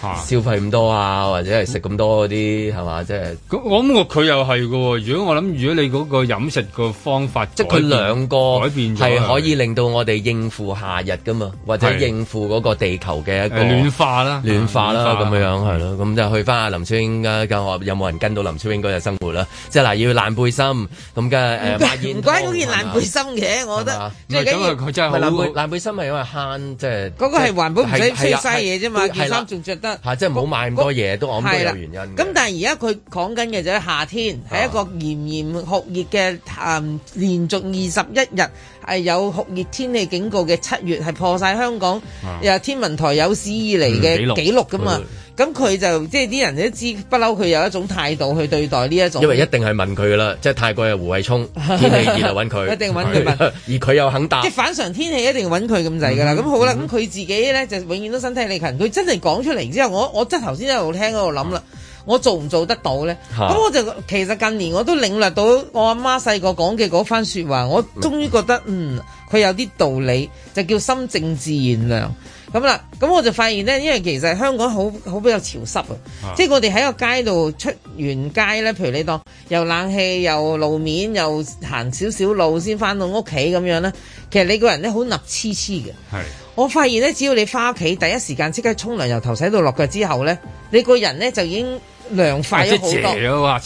消費咁多啊，或者係食咁多嗰啲係嘛，即係我諗我佢又係噶。如果我諗，如果你嗰個飲食個方法，即係佢兩個改變係可以令到我哋應付夏日噶嘛，或者應付嗰個地球嘅一個暖化啦，暖化啦咁樣係咯。咁就去翻阿林超英嘅教學，有冇人跟到林超英嗰日生活啦？即係嗱，要爛背心咁嘅誒，唔怪嗰件爛背心嘅，我覺得即係梗係佢真係好爛背心，係因為慳即係嗰個係環保，唔使吹嘥嘢啫嘛。仲着得吓、啊，即係唔好買咁多嘢，股都我諗都有原因。咁但係而家佢講緊嘅就係夏天係、啊、一個炎炎酷熱嘅，嗯，連續二十一日係有酷熱天氣警告嘅七月係破晒香港又、啊、天文台有史以嚟嘅紀錄咁、嗯、嘛。咁佢就即係啲人都知，不嬲佢有一種態度去對待呢一種。因為一定係問佢噶啦，即係太過係胡偉聰天氣熱揾佢， 一定揾佢問， 而佢又肯答。即係反常天氣一定揾佢咁滯噶啦。咁、嗯、好啦，咁佢、嗯、自己咧就永遠都身體力勤。佢真係講出嚟之後，我我即係頭先喺度聽，喺度諗啦，我做唔做得到咧？咁、啊、我就其實近年我都領略到我阿媽細個講嘅嗰番説話，我終於覺得嗯，佢、嗯、有啲道理，就叫心靜自然涼。咁啦，咁我就發現呢，因為其實香港好好比較潮濕啊，即係我哋喺個街度出完街呢，譬如你當又冷氣又路面又行少少路先翻到屋企咁樣呢，其實你個人呢好納黐黐嘅。係，的我發現呢，只要你翻屋企第一時間即刻沖涼，由頭洗到落腳之後呢，你個人呢就已經涼快咗好多。謝咗哇！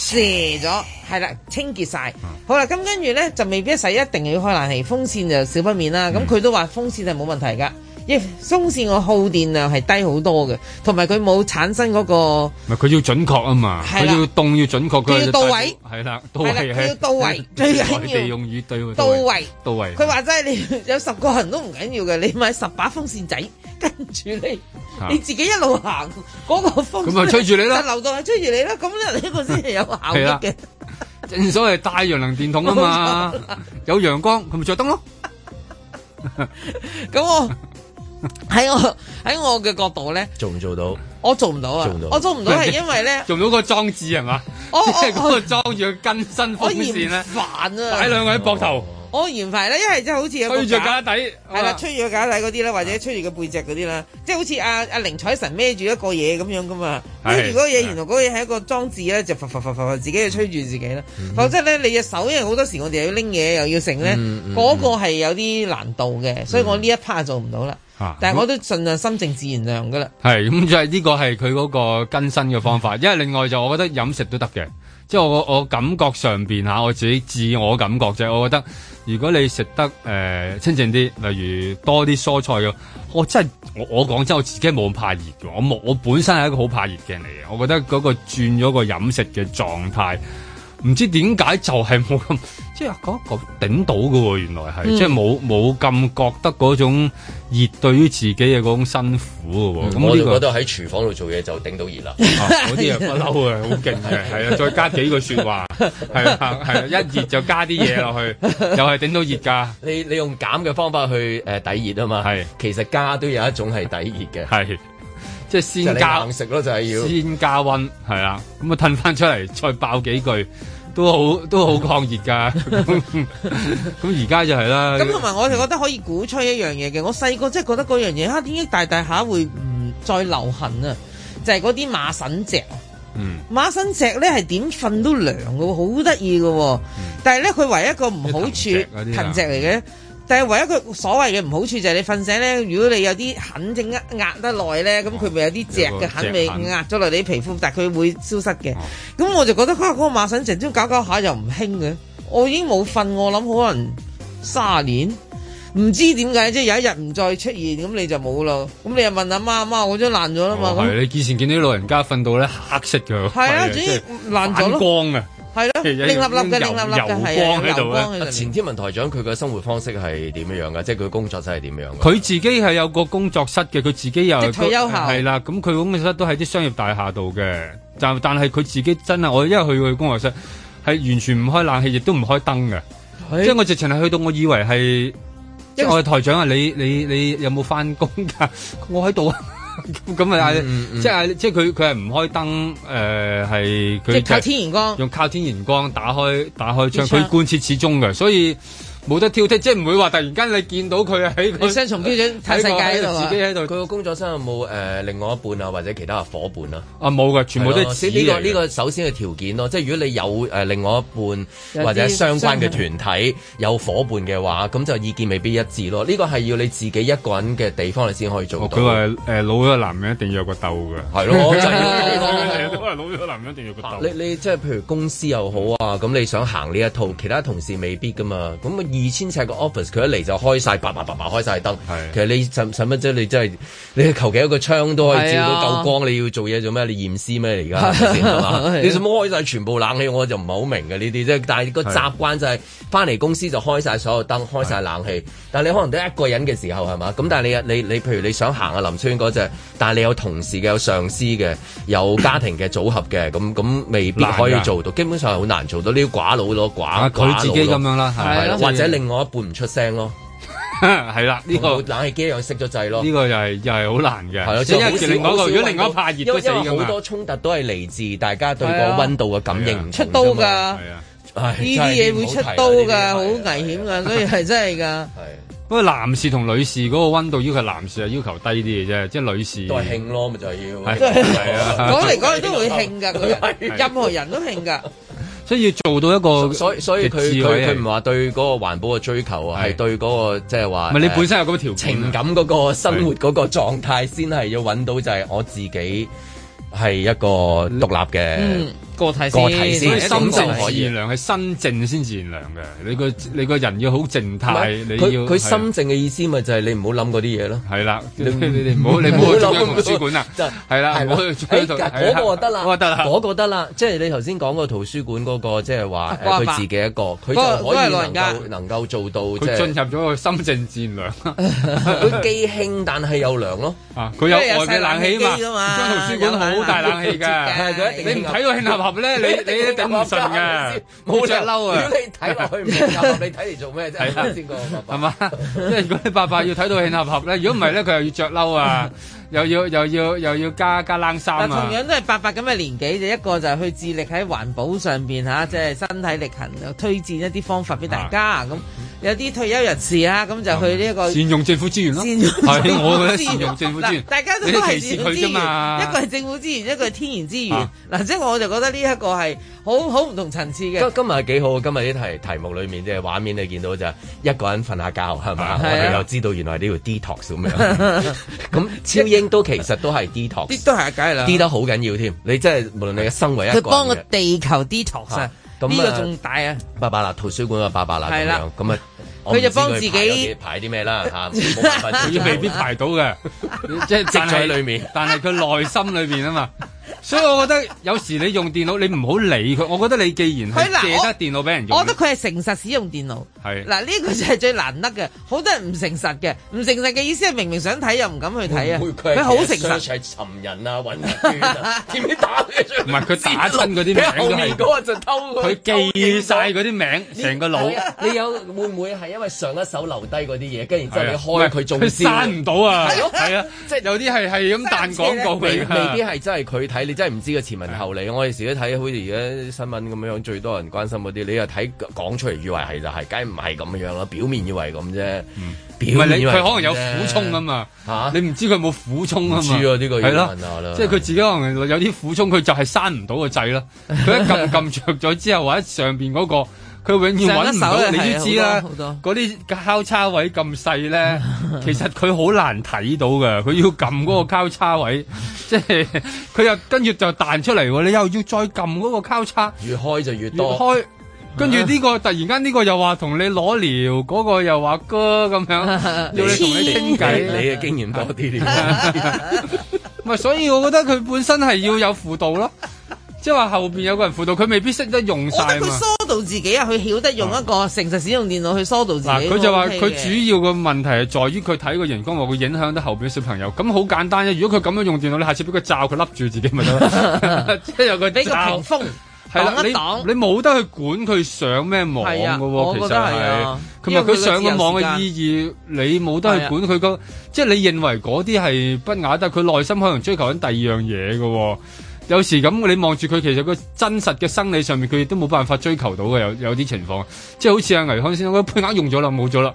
係啦，清潔晒。啊、好啦，咁跟住呢，就未必一洗，一定要開冷氣，風扇就少不免啦。咁佢都話風扇係冇問題㗎。耶，鬆線個耗電量係低好多嘅，同埋佢冇產生嗰個。唔係佢要準確啊嘛，佢要動要準確，要到位。係啦，係啦，要到位，最緊要。佢地用語對到位，到位。佢話真係你有十個人都唔緊要嘅，你買十把風扇仔跟住你，你自己一路行嗰個風，咁咪吹住你咯，流動係吹住你咯，咁呢個先係有效嘅。正所謂太陽能電筒啊嘛，有陽光佢咪着燈咯。咁我。喺我喺我嘅角度咧，做唔做到？我做唔到啊！做到我做唔到係因為咧，用 到個裝置係嘛？我我喺嗰度裝住更新風扇咧，煩啊、oh, oh, oh.！擺兩個喺膊頭。我原排咧，因為即係就好似吹住個架底，係啦，吹住個架底嗰啲啦，或者吹住個背脊嗰啲啦，即係好似阿阿靈彩神孭住一個嘢咁樣噶嘛，孭住嗰嘢，原來嗰嘢係一個裝置咧，就自己去吹住自己啦。否則咧，你隻手因為好多時我哋又要拎嘢又要成咧，嗰個係有啲難度嘅，所以我呢一 part 做唔到啦。但係我都盡量心靜自然涼噶啦。係咁就係呢個係佢嗰個更新嘅方法，因為另外就我覺得飲食都得嘅。即係我我感覺上邊嚇，我自己自我感覺啫。我覺得如果你食得誒、呃、清淨啲，例如多啲蔬菜嘅，我真係我我講真，我自己冇咁怕熱㗎。我冇我本身係一個好怕熱嘅人嚟嘅。我覺得嗰個轉咗個飲食嘅狀態。唔知點解就係冇咁即係嗰個頂到㗎喎，原來係、嗯、即係冇冇咁覺得嗰種熱對於自己嘅嗰種辛苦嘅喎，咁、嗯、這個、我就覺得喺廚房度做嘢就頂到熱啦，嗰啲又不嬲嘅，好勁嘅，係啊， 再加幾句説話，係啊，係一熱就加啲嘢落去，就係 頂到熱㗎。你你用減嘅方法去誒抵熱啊嘛，係的，其實加都有一種係抵熱嘅，係，即係、就是、先加食咯，就係要先加温，係啊，咁啊褪翻出嚟再爆幾句。都好都好抗熱噶，咁而家就係啦。咁同埋我哋覺得可以鼓吹一樣嘢嘅，我細個真係覺得嗰樣嘢哈，點解大大下會唔再流行啊？就係嗰啲馬腎石。嗯，馬腎石咧係點瞓都涼嘅喎，好得意嘅喎。嗯、但係咧佢唯一一個唔好處，藤蓆嚟嘅。但係唯一佢所謂嘅唔好處就係你瞓醒咧，如果你有啲痕正壓壓得耐咧，咁佢咪有啲隻嘅痕咪壓咗落你皮膚，但係佢會消失嘅。咁、哦嗯、我就覺得嚇嗰、那個麻神成朝搞搞下又唔興嘅，我已經冇瞓，我諗可能卅年，唔知點解即係有一日唔再出現，咁你就冇咯。咁你又問阿媽阿媽，媽，媽，我張爛咗啦嘛？係、哦、你以前見啲老人家瞓到咧黑色㗎，係、嗯、啊，總之爛咗光啊。係咯的，亮粒粒嘅，亮粒粒嘅油光喺度啊！前天文台長佢嘅生活方式係點樣嘅？即係佢工作室係點樣？佢自己係有個工作室嘅，佢自己又有退休下係啦。咁佢工作室都喺啲商業大廈度嘅，就但係佢自己真係我一去佢工作室係完全唔開冷氣，亦都唔開燈嘅。的即係是我直情係去到，我以為係即係是我係台長啊！你你你，你有冇翻工噶？我喺度啊！咁啊， 嗯嗯、即係、呃、即係佢佢係唔開燈，誒，係佢靠天然光，用靠天然光打開打開窗，佢貫徹始終嘅，所以。冇得挑剔，即係唔會話突然間你見到佢喺我相同標準睇世界自己喺度，佢個工作室有冇誒、呃、另外一半啊，或者其他嘅伙伴啊？啊冇噶，全部都係呢、呢個呢、呢個首先嘅條件咯，即係如果你有誒、呃、另外一半或者相關嘅團體有伙伴嘅話，咁就意見未必一致咯。呢個係要你自己一個人嘅地方，你先可以做到。佢話誒，老咗男人一定要有個竇嘅。係咯，就係老咗男人一定要個竇。你，你即係譬如公司又好啊，咁你想行呢一套，其他同事未必噶嘛，咁二千尺個 office，佢一嚟就開晒，叭叭叭叭開曬燈。其實你使使乜啫？你真係你求其一個窗都可以照到夠光。你要做嘢做咩？你驗屍咩嚟㗎，你做乜開曬全部冷氣？我就唔係好明嘅呢啲。即係但係個習慣就係翻嚟公司就開曬所有燈，開曬冷氣。但係你可能都一個人嘅時候係嘛？咁但係你你你譬如你想行下林村嗰隻，但係你有同事嘅、有上司嘅、有家庭嘅組合嘅，咁咁未必可以做到。基本上係好難做到。你要寡佬咯，寡寡佬。佢自己咁樣啦，或者。喺另外一半唔出聲咯，係啦，呢個冷氣機又熄咗掣咯，呢個又係又係好難嘅。係咯，所以另外一個，如果另外一派熱都死嘅，好多衝突都係嚟自大家對個温度嘅感應唔同嘅嘛。係啊，呢啲嘢會出刀㗎，好危險㗎，所以係真係㗎。係，不過男士同女士嗰個温度，要求男士係要求低啲嘅啫，即係女士。都係興咯，咪就要。係啊，講嚟講去都會興㗎，任何人都興㗎。所以要做到一個所，所以所以佢佢唔話對嗰個環保嘅追求啊，係是對嗰個即係話唔係你本身有咁嘅條件、啊呃，情感嗰個生活嗰個狀態先係要揾到，就係我自己係一個獨立嘅、嗯。個體先，心靜自然涼係心靜先自然涼嘅。你個你個人要好靜態，你要佢心靜嘅意思咪就係你唔好諗嗰啲嘢咯。係啦，你你唔好你唔好入個圖書館啊。係啦，唔好入圖書嗰個得啦，嗰個得啦。即係你頭先講個圖書館嗰個，即係話佢自己一個，佢就可以能能夠做到。佢進入咗個心靜自然涼，佢既輕但係又涼咯。佢有外嘅冷氣嘛？張圖書館好大冷氣㗎，你唔睇到輕合合？咧你你頂唔順嘅，冇着褸啊！如果你睇落去唔合，你睇嚟做咩啫？見過八八係嘛？即係如果你八八要睇到慶合合咧，如果唔係咧，佢又要着褸啊，又要又要又要加加冷衫啊！同樣都係八八咁嘅年紀就一個就係去致力喺環保上邊吓，即係身體力行推薦一啲方法俾大家咁。有啲退休人士啊，咁就去呢一個善用政府資源咯，係我覺得善用政府資源。大家都係善用資源，一個係政府資源，一個係天然資源嗱。即係我就覺得。呢一個係好好唔同層次嘅。今日係幾好，今日呢題題目裏面即係畫面你見到就係一個人瞓下覺係嘛，我哋又知道原來呢條 detox 咁樣。咁超英都其實都係 detox，det 都係梗係啦，det 得好緊要添。你真係無論你嘅身為一個，佢幫個地球 detox 啊，呢個仲大啊。伯伯啦，圖書館嘅伯伯啦咁樣。咁啊，佢就幫自己排啲咩啦吓，佢未必排到嘅，即係積在裏面，但係佢內心裏面啊嘛。所以我覺得有時你用電腦你唔好理佢，我覺得你既然借得電腦俾人用，我覺得佢係誠實使用電腦。係嗱呢個就係最難得嘅，好多人唔誠實嘅，唔誠實嘅意思係明明想睇，又唔敢去睇啊。佢好誠實，上齊尋人啊，搵，點解打佢？唔係佢打親嗰啲名嘅，後面嗰個，就偷佢。佢記晒嗰啲名，成個腦。你有會唔會係因為上一手留低嗰啲嘢，跟住之後你開佢仲刪唔到啊？係啊，即係有啲係係咁彈廣告，未未必係真係佢睇你真係唔知個前文後理，的我哋時都睇好似而家新聞咁樣最多人關心嗰啲，你又睇講出嚟以為係就係，梗係唔係咁樣咯。表面以為咁啫，唔係、嗯、你佢可能有苦衷啊嘛，嚇、啊！你唔知佢有冇苦衷啊嘛，係咯，即係佢自己可能有啲苦衷，佢就係閂唔到個掣啦。佢一撳撳着咗之後， 或者上邊嗰、那個。佢永遠揾唔到，你都知啦。嗰啲交叉位咁細咧， 其實佢好難睇到噶。佢要撳嗰個交叉位，即係佢又跟住就彈出嚟，你又要再撳嗰個交叉。越開就越多。越開，跟住呢個 突然間呢個又話同你攞聊，嗰、嗰個又話「哥」咁樣，要你同你傾偈。 你嘅經驗多啲啦。唔係，所以我覺得佢本身係要有輔導咯，即係話後邊有個人輔導，佢未必識得用晒嘛。自己啊，佢曉得用一個誠實使用電腦去疏導自己。佢、啊、就話佢主要嘅問題係在於佢睇個螢光網會影響到後邊小朋友。咁好簡單啫、啊，如果佢咁樣用電腦，你下次俾佢罩佢笠住自己咪得，即係佢俾個屏風，係 啦。你你冇得去管佢上咩網嘅喎、啊，其實係。同埋佢上個網嘅意義，你冇得去管佢個，啊、即係你認為嗰啲係不雅得，但佢內心可能追求緊第二樣嘢嘅喎。有時咁你望住佢，其實個真實嘅生理上面佢亦都冇辦法追求到嘅。有有啲情況，即係好似阿倪康先，我配額用咗啦，冇咗啦，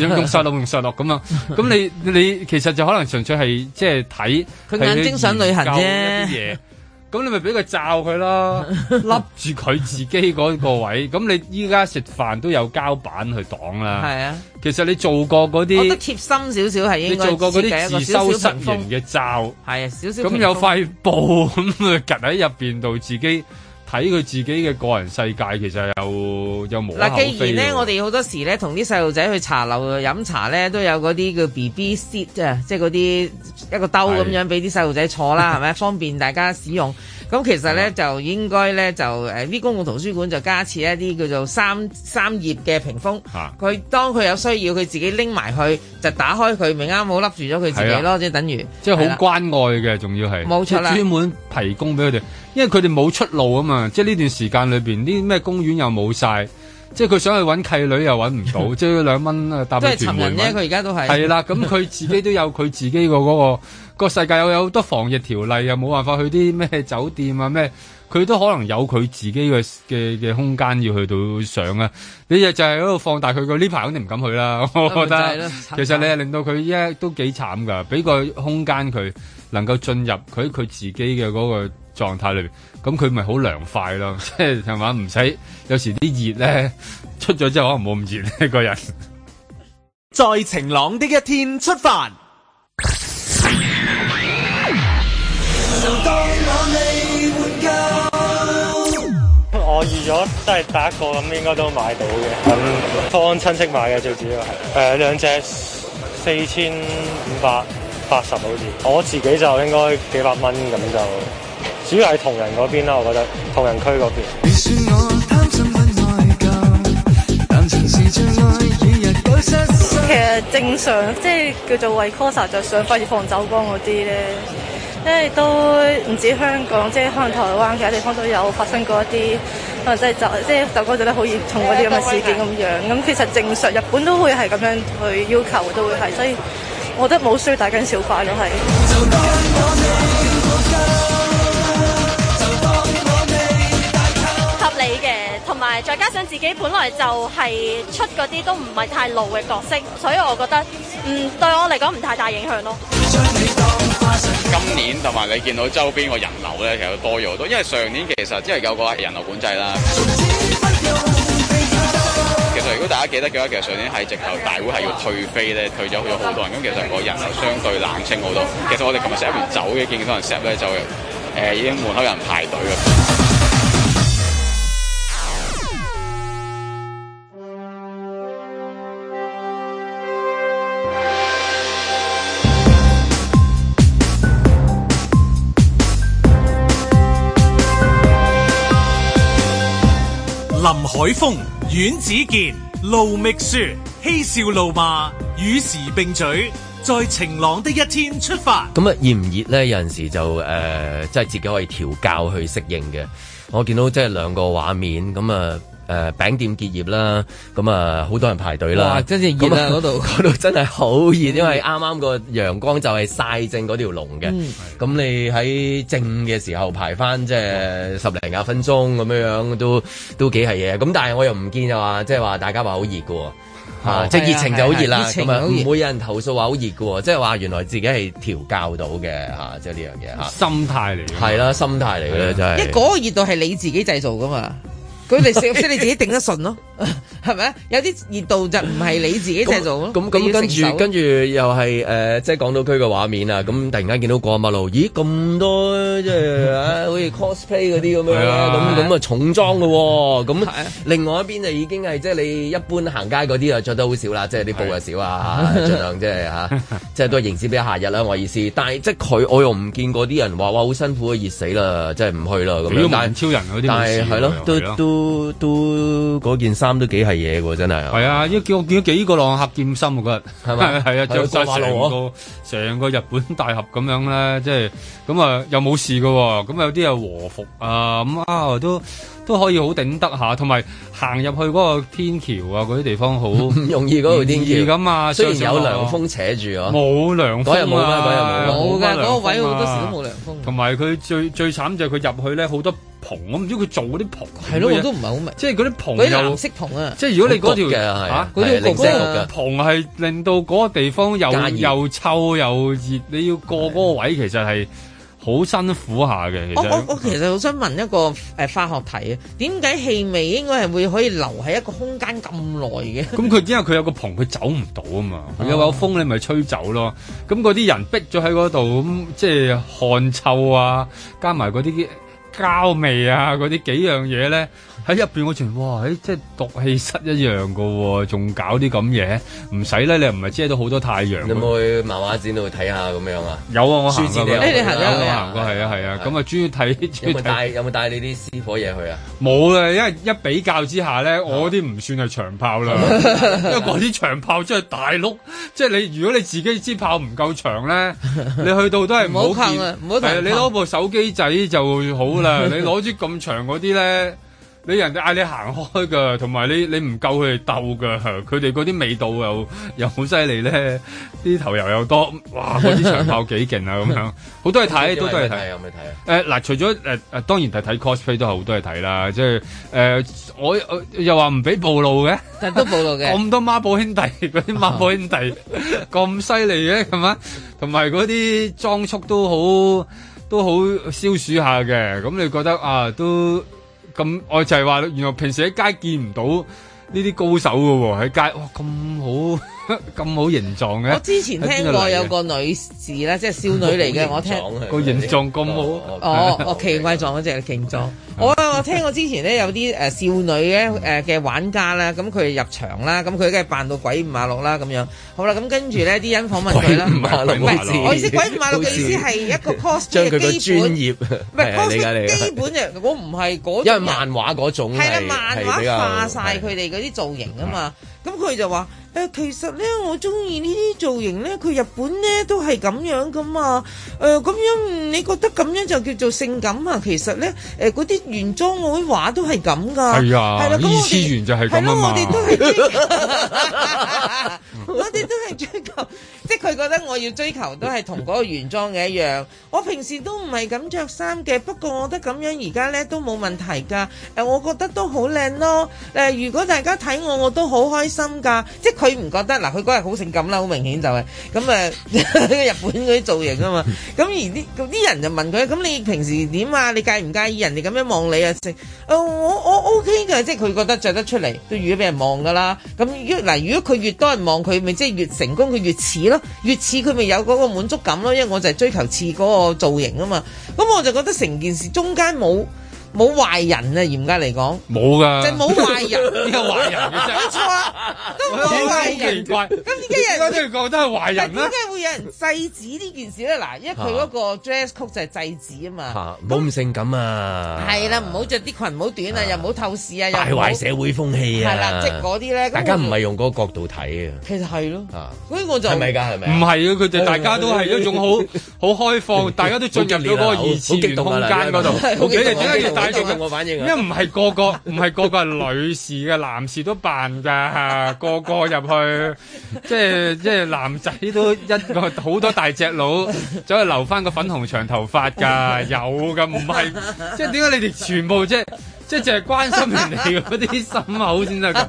用失落用失落咁啊！咁 你你其實就可能純粹係即係睇佢眼睛想旅行啫。 咁你咪俾佢罩佢咯，笠住佢自己嗰個位。咁 你依家食飯都有膠板去擋啦。係是啊，其實你做過嗰啲，我覺得貼心少少係應該。你做過嗰啲自修室型嘅罩，係風啊，少少。咁有塊布咁咪夾喺入邊度自己。睇佢自己嘅個人世界，其實有又冇。嗱，既然咧，我哋好多時咧同啲細路仔去茶樓去飲茶咧，都有嗰啲叫 BB seat 啊，即係嗰啲一個兜咁樣俾啲細路仔坐啦，係咪是方便大家使用？ 咁其實咧就應該咧，就誒啲公共圖書館就加設一啲叫做三三頁嘅屏風，佢當佢有需要，佢自己拎埋去就打開佢，咪啱好笠住咗佢自己咯，即係等於即係好關愛嘅，仲要係冇錯啦，專門提供俾佢哋，因為佢哋冇出路啊嘛，即係呢段時間裏邊啲咩公園又冇曬。即係佢想去揾契女又揾唔到， 即係兩蚊啊！即係尋人啫，佢而家都係係啦。咁佢自己都有佢自己、個嗰個個世界，有有好多防疫條例啊，冇辦法去啲咩酒店啊咩，佢都可能有佢自己嘅嘅嘅空間要去到上啊。 你又就係喺度放大佢個呢排，肯定唔敢去啦。我覺得 其實你係令到佢依家都幾慘噶，俾個空間佢能夠進入佢佢自己嘅嗰個狀態裏邊。咁佢咪好涼快咯，即係同埋唔使有時啲熱咧出咗之後可能冇咁熱一個人。 在晴朗的一天出發。我預咗都係第一個咁，應該都買到嘅。咁、嗯、幫親戚買嘅最主要係誒、呃、兩隻四千五百八十好似，我自己就應該幾百蚊咁就。主要係同仁嗰邊啦，我覺得同人區嗰邊。其實正常即係叫做為 coser 着想，反而放走光嗰啲咧，因為都唔止香港，即係可能台灣其他地方都有發生過一啲，可能即係走即係走光做得好嚴重嗰啲咁嘅事件咁樣。咁其實正常日本都會係咁樣去要求，都會係，所以我覺得冇需要大驚小怪咯，係。再加上自己本來就係出嗰啲都唔係太老嘅角色，所以我覺得嗯，對我嚟講唔太大影響咯。今年同埋你見到周邊個人流咧，其實多咗好多，因為上年其實因為有個人流管制啦。其實如果大家記得嘅話，其實上年喺直頭大會係要退飛咧，退咗去好多人。咁其實個人流相對冷清好多。其實我哋琴日 set 完走嘅，見到人 set 咧就，誒已經門口有人排隊啦。林海峰、阮子健、盧覓雪，嬉笑怒罵，與時並舉，在晴朗的一天出發。咁啊，熱唔熱咧？有陣時就誒、呃，即係自己可以調教去適應嘅。我見到即係兩個畫面咁啊。誒，餅店結業啦，咁啊，好多人排隊啦。即真係熱度嗰度真係好熱，因為啱啱個陽光就係曬正嗰條龍嘅。咁你喺正嘅時候排翻即係十零廿分鐘咁樣樣，都都幾係嘢。咁但係我又唔見啊，即係話大家話好熱嘅，吓即係熱情就好熱啦。咁啊，唔會有人投訴話好熱嘅，即係話原來自己係調教到嘅吓，即係呢樣嘢吓。心態嚟係啦，心態嚟嘅真係。一嗰個熱度係你自己製造噶嘛？佢嚟食，唔係你自己頂一順咯。係咪啊？有啲熱度就唔係你自己製造咯。咁咁跟住跟住又係誒，即係港島區嘅畫面啊！咁突然間見到過馬路，咦咁多即係好似 cosplay 嗰啲咁樣，咁咁啊重裝嘅。咁另外一邊就已經係即係你一般行街嗰啲啊，着得好少啦，即係啲布又少啊，儘量即係嚇，即係都迎接啲夏日啦，我意思。但係即係佢，我又唔見過啲人話哇好辛苦啊，熱死啦，即係唔去啦咁。如果唔超人嗰啲，但係係咯，都都都件衫都幾係嘢喎，真係啊，係啊，一見我見到幾個浪客劍心係係吧 啊，就就成個成個， 個日本大俠咁樣咧，即係咁啊，又冇事嘅，咁、嗯、有啲啊和服啊，咁、嗯、啊、嗯嗯、都。都可以好頂得下，同埋行入去嗰個天橋啊，嗰啲地方好唔容易嗰條天橋咁啊。雖然有涼風扯住，啊，冇涼風啊，冇嘅嗰個位好多時都冇涼風。同埋佢最最慘就係佢入去咧好多棚，我唔知佢做嗰啲棚係咯，我都唔係好明。即係嗰啲棚又藍色棚啊。即係如果你嗰條嚇嗰條嗰個棚係令到嗰個地方又又臭又熱，你要過嗰個位其實係。好辛苦下嘅，我我我其實好想問一個誒、呃、化學題啊，點解氣味應該係會可以留喺一個空間咁耐嘅？咁佢因為佢有個棚，佢走唔到啊嘛，有有風、哦、你咪吹走咯。咁嗰啲人逼咗喺嗰度，咁、嗯、即係汗臭啊，加埋嗰啲膠味啊，嗰啲幾樣嘢咧。喺入邊我全哇，即係毒氣室一樣噶，仲搞啲咁嘢，唔使咧，你又唔係遮到好多太陽。有冇去漫畫展度睇下咁樣啊？有啊，我行過。你行過行過，係啊，係啊。咁啊，中意睇。有冇帶？有冇帶你啲私伙嘢去啊？冇啊，因為一比較之下咧，我啲唔算係長炮啦。因為嗰啲長炮真係大陸，即係你如果你自己支炮唔夠長咧，你去到都係唔好近啊！唔好近。係你攞部手機仔就好啦。你攞支咁長嗰啲咧。人你人哋嗌你行開噶，同埋你你唔夠佢哋鬥噶，佢哋嗰啲味道又又好犀利咧，啲頭油又多，哇！嗰啲長炮幾勁啊，咁 樣好多嘢睇， 都多嘢睇。有冇睇？誒，嗱，除咗誒誒，當然係睇 cosplay 都係好多嘢睇啦，即係誒、呃，我，我又話唔俾暴露嘅，但都暴露嘅。咁 多孖寶兄弟，嗰啲孖寶兄弟咁犀利嘅係嘛？同埋嗰啲裝束都好都好，都好消暑下嘅，咁你覺得啊，啊都？咁我就係話，原來平時喺街見唔到呢啲高手嘅喎，喺街哇，咁好。 咁冇形狀嘅，我之前聽過有個女士咧，即係少女嚟嘅。我聽個形狀咁好哦哦，奇怪狀嗰隻形狀。我我聽我之前咧有啲誒少女咧誒嘅玩家啦，咁佢入場啦，咁佢梗係扮到鬼五馬六啦咁樣。好啦，咁跟住咧啲人訪問佢啦。唔係我意思，鬼五馬六嘅意思係一個 cos 嘅基本，唔係 cos 嘅基本就我唔係因為漫畫嗰種係係漫畫化晒佢哋嗰啲造型啊嘛，咁佢就話。誒、呃、其實咧，我中意呢啲造型咧，佢日本咧都係咁樣噶嘛。誒、呃、咁樣，你覺得咁樣就叫做性感啊？其實咧，誒嗰啲原裝嗰啲畫都係咁噶。係啊、哎呀，我二次元就係咁啊嘛。係咯，我哋都係 我哋都係追求。 即係佢覺得我要追求都係同個原裝嘅一樣，我平時都唔係咁着衫嘅，不過我覺得咁樣而家咧都冇問題㗎。誒、呃、我覺得都好靚咯。誒、呃、如果大家睇我，我都好開心噶，即係佢唔覺得嗱，佢嗰日好性感啦，好明顯就係咁誒，嗯啊、 日本啲造型啊嘛。咁、嗯、而啲啲人就問佢，咁、啊、你平時點啊？你介唔介意人哋咁樣望你啊？成、呃、誒，我我 OK 嘅，即係佢覺得着得出嚟，都如果俾人望㗎啦。咁越嗱，如果佢越多人望佢，咪即係越成功，佢越似咯。越似佢咪有嗰個滿足感咯，因為我就係追求似嗰個造型啊嘛，咁我就覺得成件事中間冇。冇壞人啊！嚴格嚟講，冇㗎，就冇壞人。邊有壞人？冇錯，都冇壞人。咁點解有人講都係壞人？但點解會有人制止呢件事咧？嗱，因為佢嗰個 dress code 就係制止啊嘛，冇咁性感啊，係啦，唔好着啲裙，唔好短啊，又唔好透視啊，又敗壞社會風氣啊，係啦，即嗰啲咧。大家唔係用嗰個角度睇啊，其實係咯，所以我就係咪㗎？係咪？唔係啊，佢哋大家都係一種好好開放，大家都進入咗嗰個二次元空間度，睇住我反應啊！因為唔係個個唔係 個個係女士嘅，男士都扮㗎，個個入去， 即係即係男仔都一個好多大隻佬，走去 留翻個粉紅長頭髮㗎，有㗎，唔係 即係點解你哋全部即係？ 一直係關心人哋嗰啲心口先得，㗎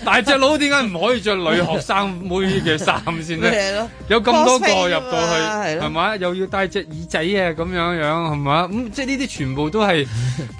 大隻佬點解唔可以着女學生妹嘅衫先咧？ 有咁多個入到去係嘛？又要戴隻耳仔啊，咁樣樣係嘛？咁即係呢啲全部都係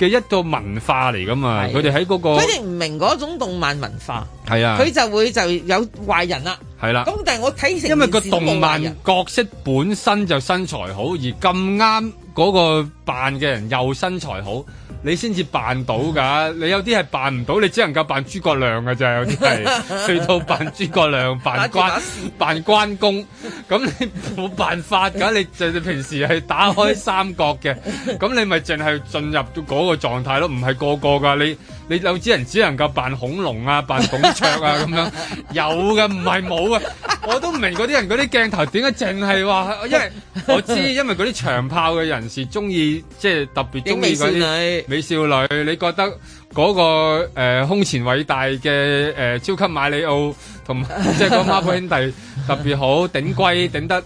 嘅一個文化嚟噶嘛？佢哋喺嗰個，佢哋唔明嗰種動漫文化，係啊，佢就會就有壞人啦，啊。係啦，咁但係我睇因為個動漫角色本身就身材好，而咁啱嗰個扮嘅人又身材好，你先至扮到噶。你有啲係扮唔到，你只能夠扮諸葛亮噶咋？有啲係去到扮諸葛亮，扮關，扮關公，咁你冇辦法噶。你就你平時係打開三國嘅，咁你咪淨係進入到嗰個狀態咯，唔係個個噶你。你有啲人只能夠扮恐龍啊，扮孔雀啊咁樣，有嘅唔係冇嘅，我都唔明嗰啲人嗰啲鏡頭點解淨係話，因為我知，因為嗰啲長炮嘅人士中意，即係特別中意嗰啲美少女，你覺得？嗰、那個誒、呃、空前偉大嘅誒、呃、超級馬里奧同即係嗰孖寶兄弟特別好 頂龜頂得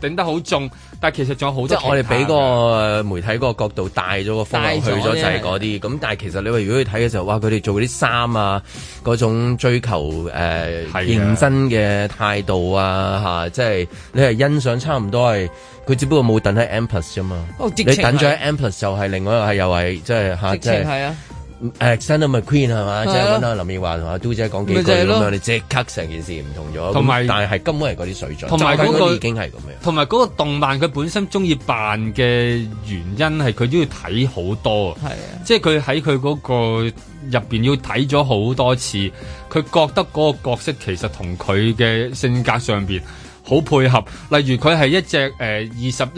頂得好重，但係其實仲有好多。即係我哋俾個媒體個角度帶咗個風去咗，就係嗰啲咁。的但係其實你話如果去睇嘅時候，哇！佢哋做嗰啲衫啊，嗰種追求誒、呃、的認真嘅態度啊，嚇、啊、即係你係欣賞差唔多係佢，只不過冇等喺 M+ 啫嘛。哦、你等咗喺 M+ 就係、是、另外一個係又係即係嚇即係。誒，send 下 McQueen 係嘛？即係揾下林奕華同阿嘟姐講幾句，咁樣你即刻成件事唔同咗。同埋有，但係根本係嗰啲水準，同埋、那個，根本已經係咁樣。同埋嗰個動漫，佢本身中意扮嘅原因係佢都要睇好多，係啊，即係佢喺佢嗰個入邊要睇咗好多次，佢覺得嗰個角色其實同佢嘅性格上邊，好配合，例如佢係一隻誒，二十一世誒，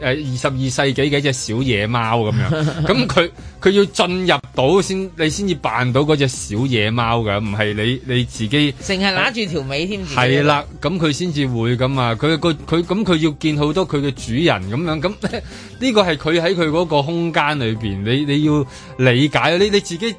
二十二世紀嘅一隻小野貓咁樣，咁佢佢要進入到先，你先至扮到嗰隻小野貓㗎，唔係你你自己成日揦住條尾添。係啦，咁佢先至會咁啊，佢個佢咁佢要見好多佢嘅主人咁樣，咁呢個係佢喺佢嗰個空間裏邊，你你要理解，你你自己。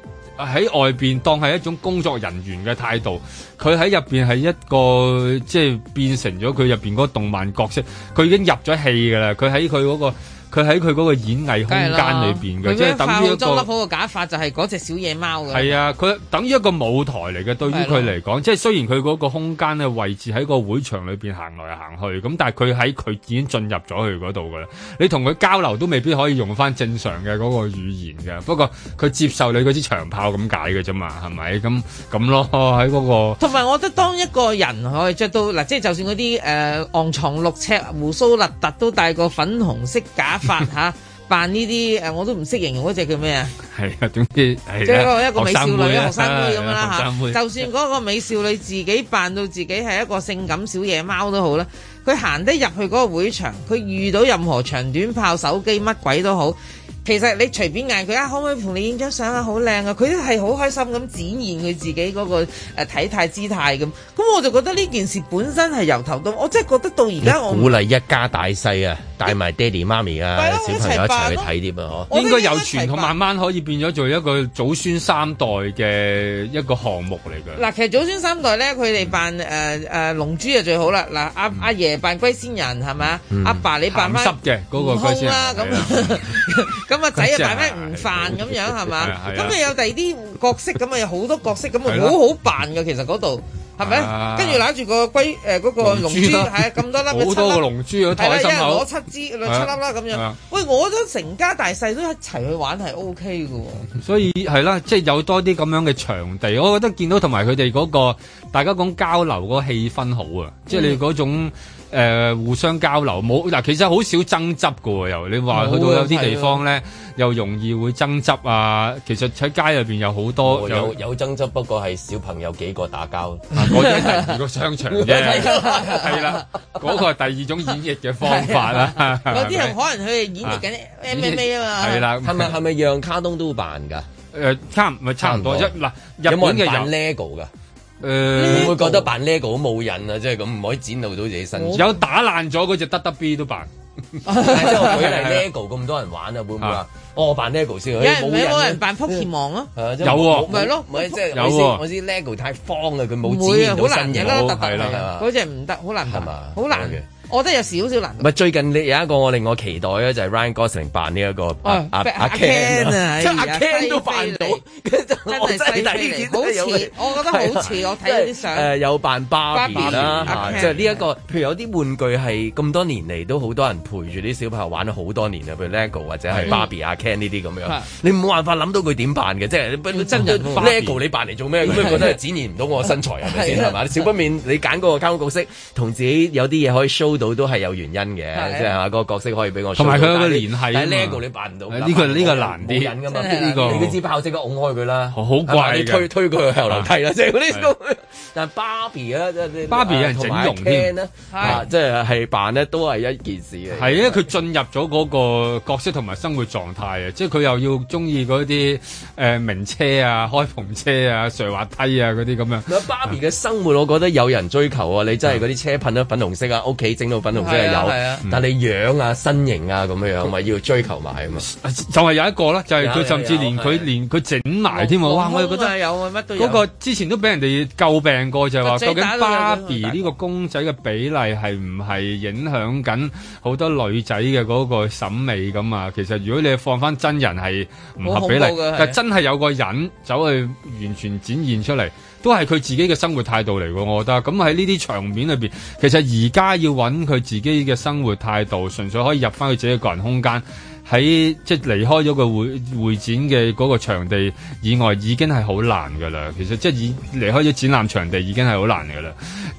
喺外邊當係一種工作人員嘅態度，佢喺入邊係一個即係變成咗佢入邊嗰個動漫角色，佢已經入咗戲㗎啦，佢喺佢嗰個。佢喺佢嗰個演藝空間裏邊嘅，即係等於一個裝個假髮就係嗰隻小野貓嘅。係啊，佢等於一個舞台嚟嘅，對於佢嚟講，即係雖然佢嗰個空間嘅位置喺個會場裏邊行來行去，咁但係佢喺佢已經進入咗去嗰度㗎啦。你同佢交流都未必可以用翻正常嘅嗰個語言嘅，不過佢接受你嗰支長炮咁解嘅啫嘛，係咪咁咁咯？喺嗰個，同埋，我覺得當一個人可以著到嗱，即係就算嗰啲誒昂藏六尺、胡鬚立立都戴個粉紅色假髮。吓 扮呢啲誒，我都唔識形容嗰隻叫咩啊？係啊，總之即係一個美少女啊，學生妹咁、啊、啦。就算嗰個美少女自己扮到自己係一個性感小野貓都好啦，佢行得入去嗰個會場，佢遇到任何長短炮、手機乜鬼都好，其實你隨便嗌佢啊，可唔可以同你影張相啊？好靚啊！佢都係好開心咁展現佢自己嗰個誒體態姿態咁。咁我就覺得呢件事本身係由頭到尾，我真係覺得到而家我，我鼓勵一家大細啊。帶埋爹哋媽咪啊，小朋友一齊去睇啲啊，嗬！應該由傳統慢慢可以變咗做一個祖孫三代嘅一個項目嚟㗎。嗱，其實祖孫三代咧，佢哋扮誒誒龍珠就最好啦。嗱，阿阿爺扮龜仙人係嘛？阿爸你扮翻鹹濕嘅嗰個龜仙人啦，咁咁阿仔又扮翻悟飯咁樣係嘛？咁你有第二啲角色咁啊，有好多角色咁啊好好扮㗎，其實嗰度。係咪？跟住揦住個龜誒，嗰、呃那個龍珠係咁珠、啊、多粒，七粒。好多個龍珠，台上有。係、啊、一人攞七支，兩、啊、七粒啦咁樣。啊、喂，我都成家大細都一齊去玩，OK 哦，係 O K 噶。所以係啦，即係、啊就是、有多啲咁樣嘅場地，我覺得見到同埋佢哋嗰個大家講交流嗰氣氛好啊，即係、嗯、你嗰種。誒互相交流冇嗱，其實好少爭執㗎喎。又你話去到有啲地方咧，又容易會爭執啊。其實喺街入邊有好多有有爭執，不過係小朋友幾個打交嗱，嗰啲係個商場啫。係啦，嗰個係第二種演繹嘅方法啦。嗰啲人可能佢哋演繹緊 MMA 啊嘛。係啦，係咪係咪讓卡通都會扮㗎？誒，差唔係差唔多啫。嗱。日本嘅人扮 lego 㗎？誒，會覺得扮 LEGO 好冇癮啊，即係咁唔可以展露到自己身。有打爛咗嗰隻得得 B 都扮，即係舉例 LEGO 咁多人玩啊，會唔會話？哦，我扮 LEGO 先。有人冇人扮福田王啊？有喎，咪係咯，有喎。我知 LEGO 太方啊，佢冇展現到新得嗰隻唔得，好難唔得，好難。我真係有少少難。唔係最近你有一個我令我期待咧，就係 Ryan Gosling 扮呢一個阿阿 Ken 啊，即阿 Ken 都扮到，真係犀利，好似我覺得好似我睇啲相。誒有扮 Barbie 啦，即係呢一個，譬如有啲玩具係咁多年嚟都好多人陪住啲小朋友玩咗好多年，譬如 LEGO 或者係 Barbie、阿 Ken 呢啲咁樣，你冇辦法諗到佢點扮嘅，即係真人 LEGO 你扮嚟做咩？咁你覺得展現唔到我身材係咪先係嘛？你少不免你揀嗰個溝通角色，同自己有啲嘢可以 show。到都係有原因嘅，即係話個角色可以俾我。同埋佢嘅聯繫啊 l e 你扮唔到。呢個呢個難啲。冇癮嘛？呢個你都知炮隻腳㧬開佢啦。好怪推推佢後樓梯啦，即係嗰啲。但係 Barbie 咧，Barbie 有人整容添，即係係扮呢都係一件事嘅。係因為佢進入咗嗰個角色同埋生活狀態啊，即係佢又要中意嗰啲誒名車啊、開篷車啊、垂滑梯啊嗰啲咁樣。Barbie 嘅生活，我覺得有人追求啊！你真係嗰啲車噴咗粉紅色啊，屋企。整到品都唔知係有，但你樣啊、身形啊咁、嗯、樣，咪要追求埋啊嘛。就係有一個啦，就係、是、佢甚至連佢連佢整埋添喎。哇的！我覺得嗰個之前都俾人哋詬病過，就係話究竟芭比呢個公仔嘅比例係唔係影響緊好多女仔嘅嗰個審美咁啊？其實如果你放翻真人係唔合比例，但真係有個人走去完全展現出嚟。都係佢自己嘅生活態度嚟㗎，我覺得。咁喺呢啲場面裏邊，其實而家要揾佢自己嘅生活態度，純粹可以入翻佢自己嘅個人空間，喺即係離開咗個會會展嘅嗰個場地以外，已經係好難㗎啦。其實即係離開咗展覽場地已經係好難㗎啦。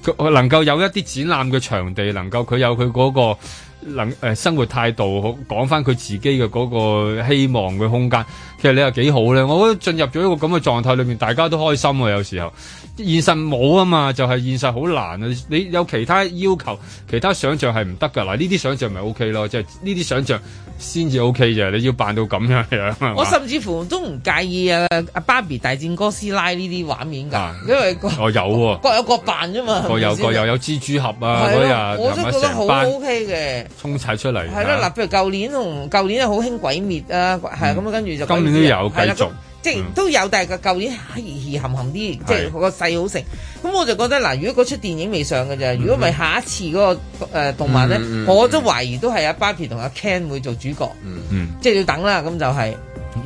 佢能夠有一啲展覽嘅場地，能夠佢有佢嗰個能誒、呃、生活態度，講翻佢自己嘅嗰個希望嘅空間。其實你又幾好咧，我覺得進入咗一個咁嘅狀態裏面，大家都開心啊。有時候現實冇啊嘛，就係現實好難啊。你有其他要求、其他想像係唔得㗎。嗱，呢啲想像咪 OK 咯，即係呢啲想像先至 OK 啫。你要扮到咁樣樣，我甚至乎都唔介意啊，阿芭比大戰哥斯拉呢啲畫面㗎，因為我有喎，各有各扮啫嘛，各有各有有蜘蛛俠啊，我都覺得好 OK 嘅，衝曬出嚟係咯。嗱，譬如舊年同舊年好興鬼滅啊，係咁跟住就今都有繼續，即係都有，但係個舊年稀稀罕罕啲，即係個細好食。咁我就覺得嗱，如果嗰出電影未上嘅啫，如果唔係下一次嗰個誒動漫咧，我都懷疑都係阿 Barbie 同阿 Ken 會做主角。嗯嗯，即係要等啦，咁就係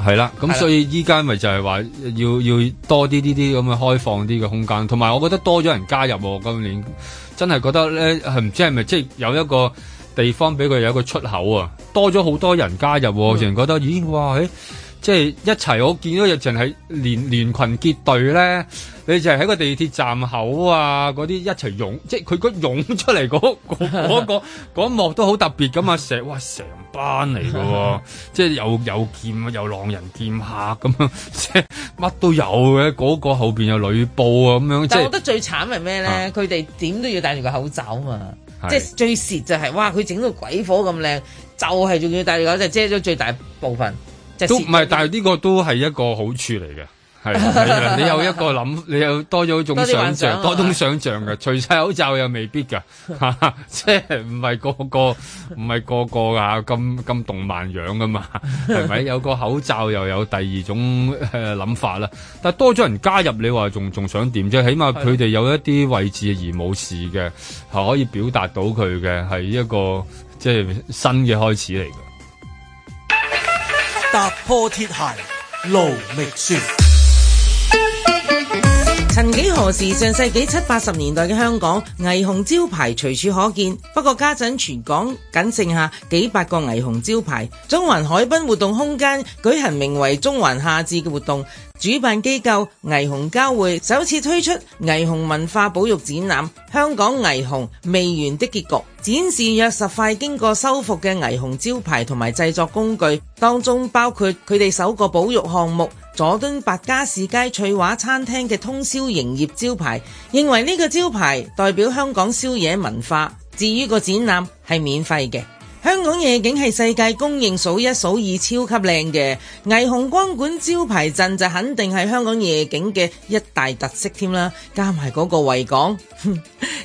係啦。咁所以依家咪就係話要要多啲呢啲咁嘅開放啲嘅空間，同埋我覺得多咗人加入今年，真係覺得咧係唔知係咪即係有一個地方俾佢有一個出口啊？多咗好多人加入，成覺得咦哇誒！即係一齊，我見到有陣係連連群結隊咧，你就係喺個地鐵站口啊嗰啲一齊湧，即係佢個湧出嚟嗰幕都好特別㗎嘛，成哇成班嚟㗎喎， 即係有有劍有狼人劍客咁，即係乜都有嘅。嗰、嗰個後邊有呂布啊咁樣。但係我覺得最慘係咩咧？佢哋點都要戴住個口罩嘛，是即係最蝕就係、是、哇！佢整到鬼火咁靚，就係、是、仲要戴住口罩遮咗最大部分。都唔係，但係呢個都係一個好處嚟嘅，係係 你有一個諗，你有多咗一種想象，多，想多種想象嘅。 除晒口罩又未必噶， 即係唔係個個唔係個個啊咁咁動漫樣噶嘛？係咪有個口罩又有第二種誒諗法啦？ 但係多咗人加入，你話仲仲想點啫？起碼佢哋有一啲位置而冇事嘅，係 可以表達到佢嘅，係一個即係新嘅開始嚟嘅。踏破鐵鞋路未絕。曾幾何時，上世紀七八十年代嘅香港，霓虹招牌隨處可見。不過家陣全港僅剩下幾百個霓虹招牌。中環海濱活動空間舉行名為中環夏至嘅活動。主辦機構霓虹交匯首次推出霓虹文化保育展覽《香港霓虹未完的結局》，展示約十塊經過修復嘅霓虹招牌同埋製作工具，當中包括佢哋首個保育項目佐敦白加士街翠華餐廳嘅通宵營業招牌。認為呢個招牌代表香港宵夜文化。至於個展覽係免費嘅。香港夜景係世界公認數一數二超級靚嘅，霓虹光管招牌陣就肯定係香港夜景嘅一大特色添啦。加埋嗰個維港呵呵，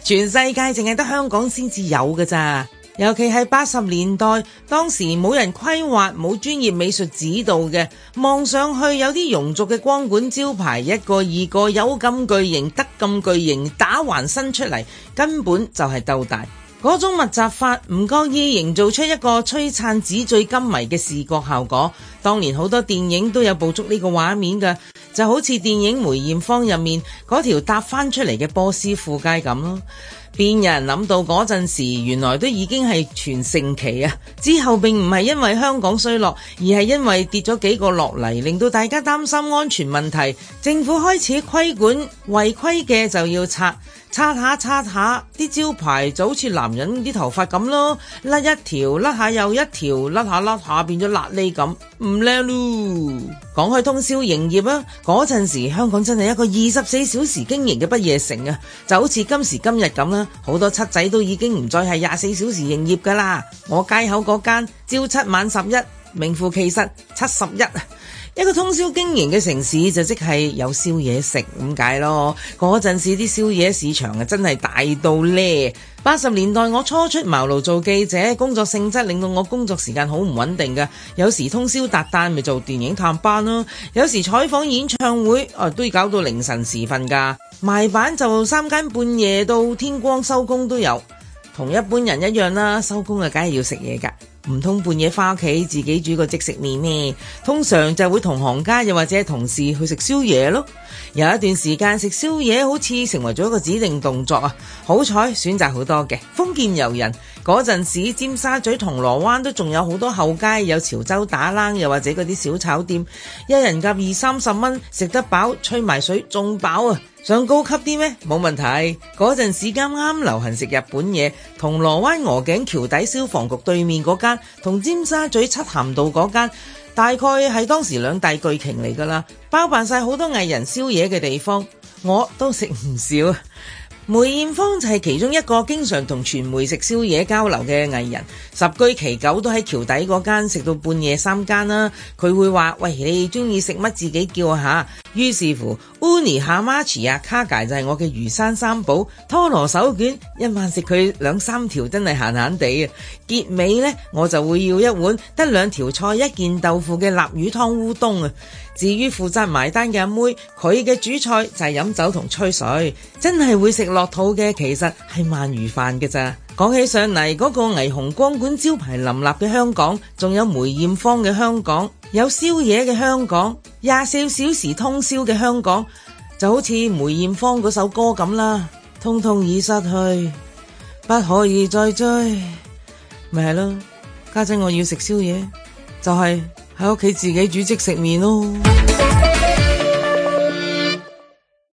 全世界淨係得香港先至有嘅咋。尤其係八十年代，當時冇人規劃，冇專業美術指導嘅，望上去有啲庸俗嘅光管招牌，一個二個有咁巨型，得咁巨型打橫伸出嚟，根本就係鬥大。嗰種密集法唔覺意營造出一個璀璨紙醉金迷嘅視覺效果，當年好多電影都有捕捉呢個畫面㗎，就好似電影《梅艷芳》入面嗰條搭翻出嚟嘅波斯富街咁咯。邊有人諗到嗰陣時，原來都已經係全盛期啊！之後並唔係因為香港衰落，而係因為跌咗幾個落嚟，令到大家擔心安全問題，政府開始規管，違規嘅就要拆。擦下擦下，啲招牌就好似男人啲頭髮咁咯，甩一條甩下又一條，甩下甩下變咗瘌痢咁，唔靚咯。講開通宵營業啊，嗰陣時香港真係一個二十四小時經營嘅不夜城啊，就好似今時今日咁啦，好多七仔都已經唔再係廿四小時營業噶啦，我街口嗰間朝七晚十一，名副其實七十一。一個通宵經營嘅城市就即係有宵夜食咁解咯。嗰陣時啲宵夜市場啊真係大到呢。八十年代我初出茅廬做記者，工作性質令到我工作時間好唔穩定噶，有時通宵達旦咪做電影探班咯，有時採訪演唱會，哦都要搞到凌晨時分噶。賣版就三更半夜到天光收工都有，同一般人一樣啦。收工啊，梗係要食嘢噶。唔通半夜翻屋企自己煮個即食麵咩？通常就會同行家又或者同事去食宵夜咯。有一段時間食宵夜好似成為咗一個指定動作啊！好彩選擇好多嘅，豐儉由人。嗰陣時，尖沙咀銅鑼灣都仲有好多後街，有潮州打冷，又或者嗰啲小炒店，一人夾二三十蚊，食得飽，吹埋水，仲飽啊！上高級啲咩？冇問題。嗰陣時啱啱流行食日本嘢，銅鑼灣鵝頸橋底消防局對面嗰間，同尖沙咀漆咸道嗰間，大概係當時兩大巨擎嚟㗎啦，包辦晒好多藝人宵夜嘅地方，我都食唔少。梅艷芳就係其中一個經常同傳媒食宵夜交流嘅藝人，十居其九都喺橋底嗰間食到半夜三更啦。佢會話：喂，你中意食乜自己叫下。於是乎，uni hamachi 啊，kaga 就係我嘅魚生三寶，拖羅手卷，一晚食佢兩三條真係閒閒地啊。結尾呢，我就會要一碗得兩條菜一件豆腐嘅臘魚湯烏冬。至於負責埋單嘅阿妹，妹，佢嘅主菜就係飲酒同吹水，真係會食落肚嘅。其實係鰻魚飯嘅咋。講起上嚟嗰、那個霓虹光管招牌林立嘅香港，仲有梅艷芳嘅香港，有宵夜嘅香港，廿四小時通宵嘅香港，就好似梅艷芳嗰首歌咁啦，通通已失去，不可以再追，咪係咯。家陣我要食宵夜，就係、是。喺屋企自己煮即食麵咯。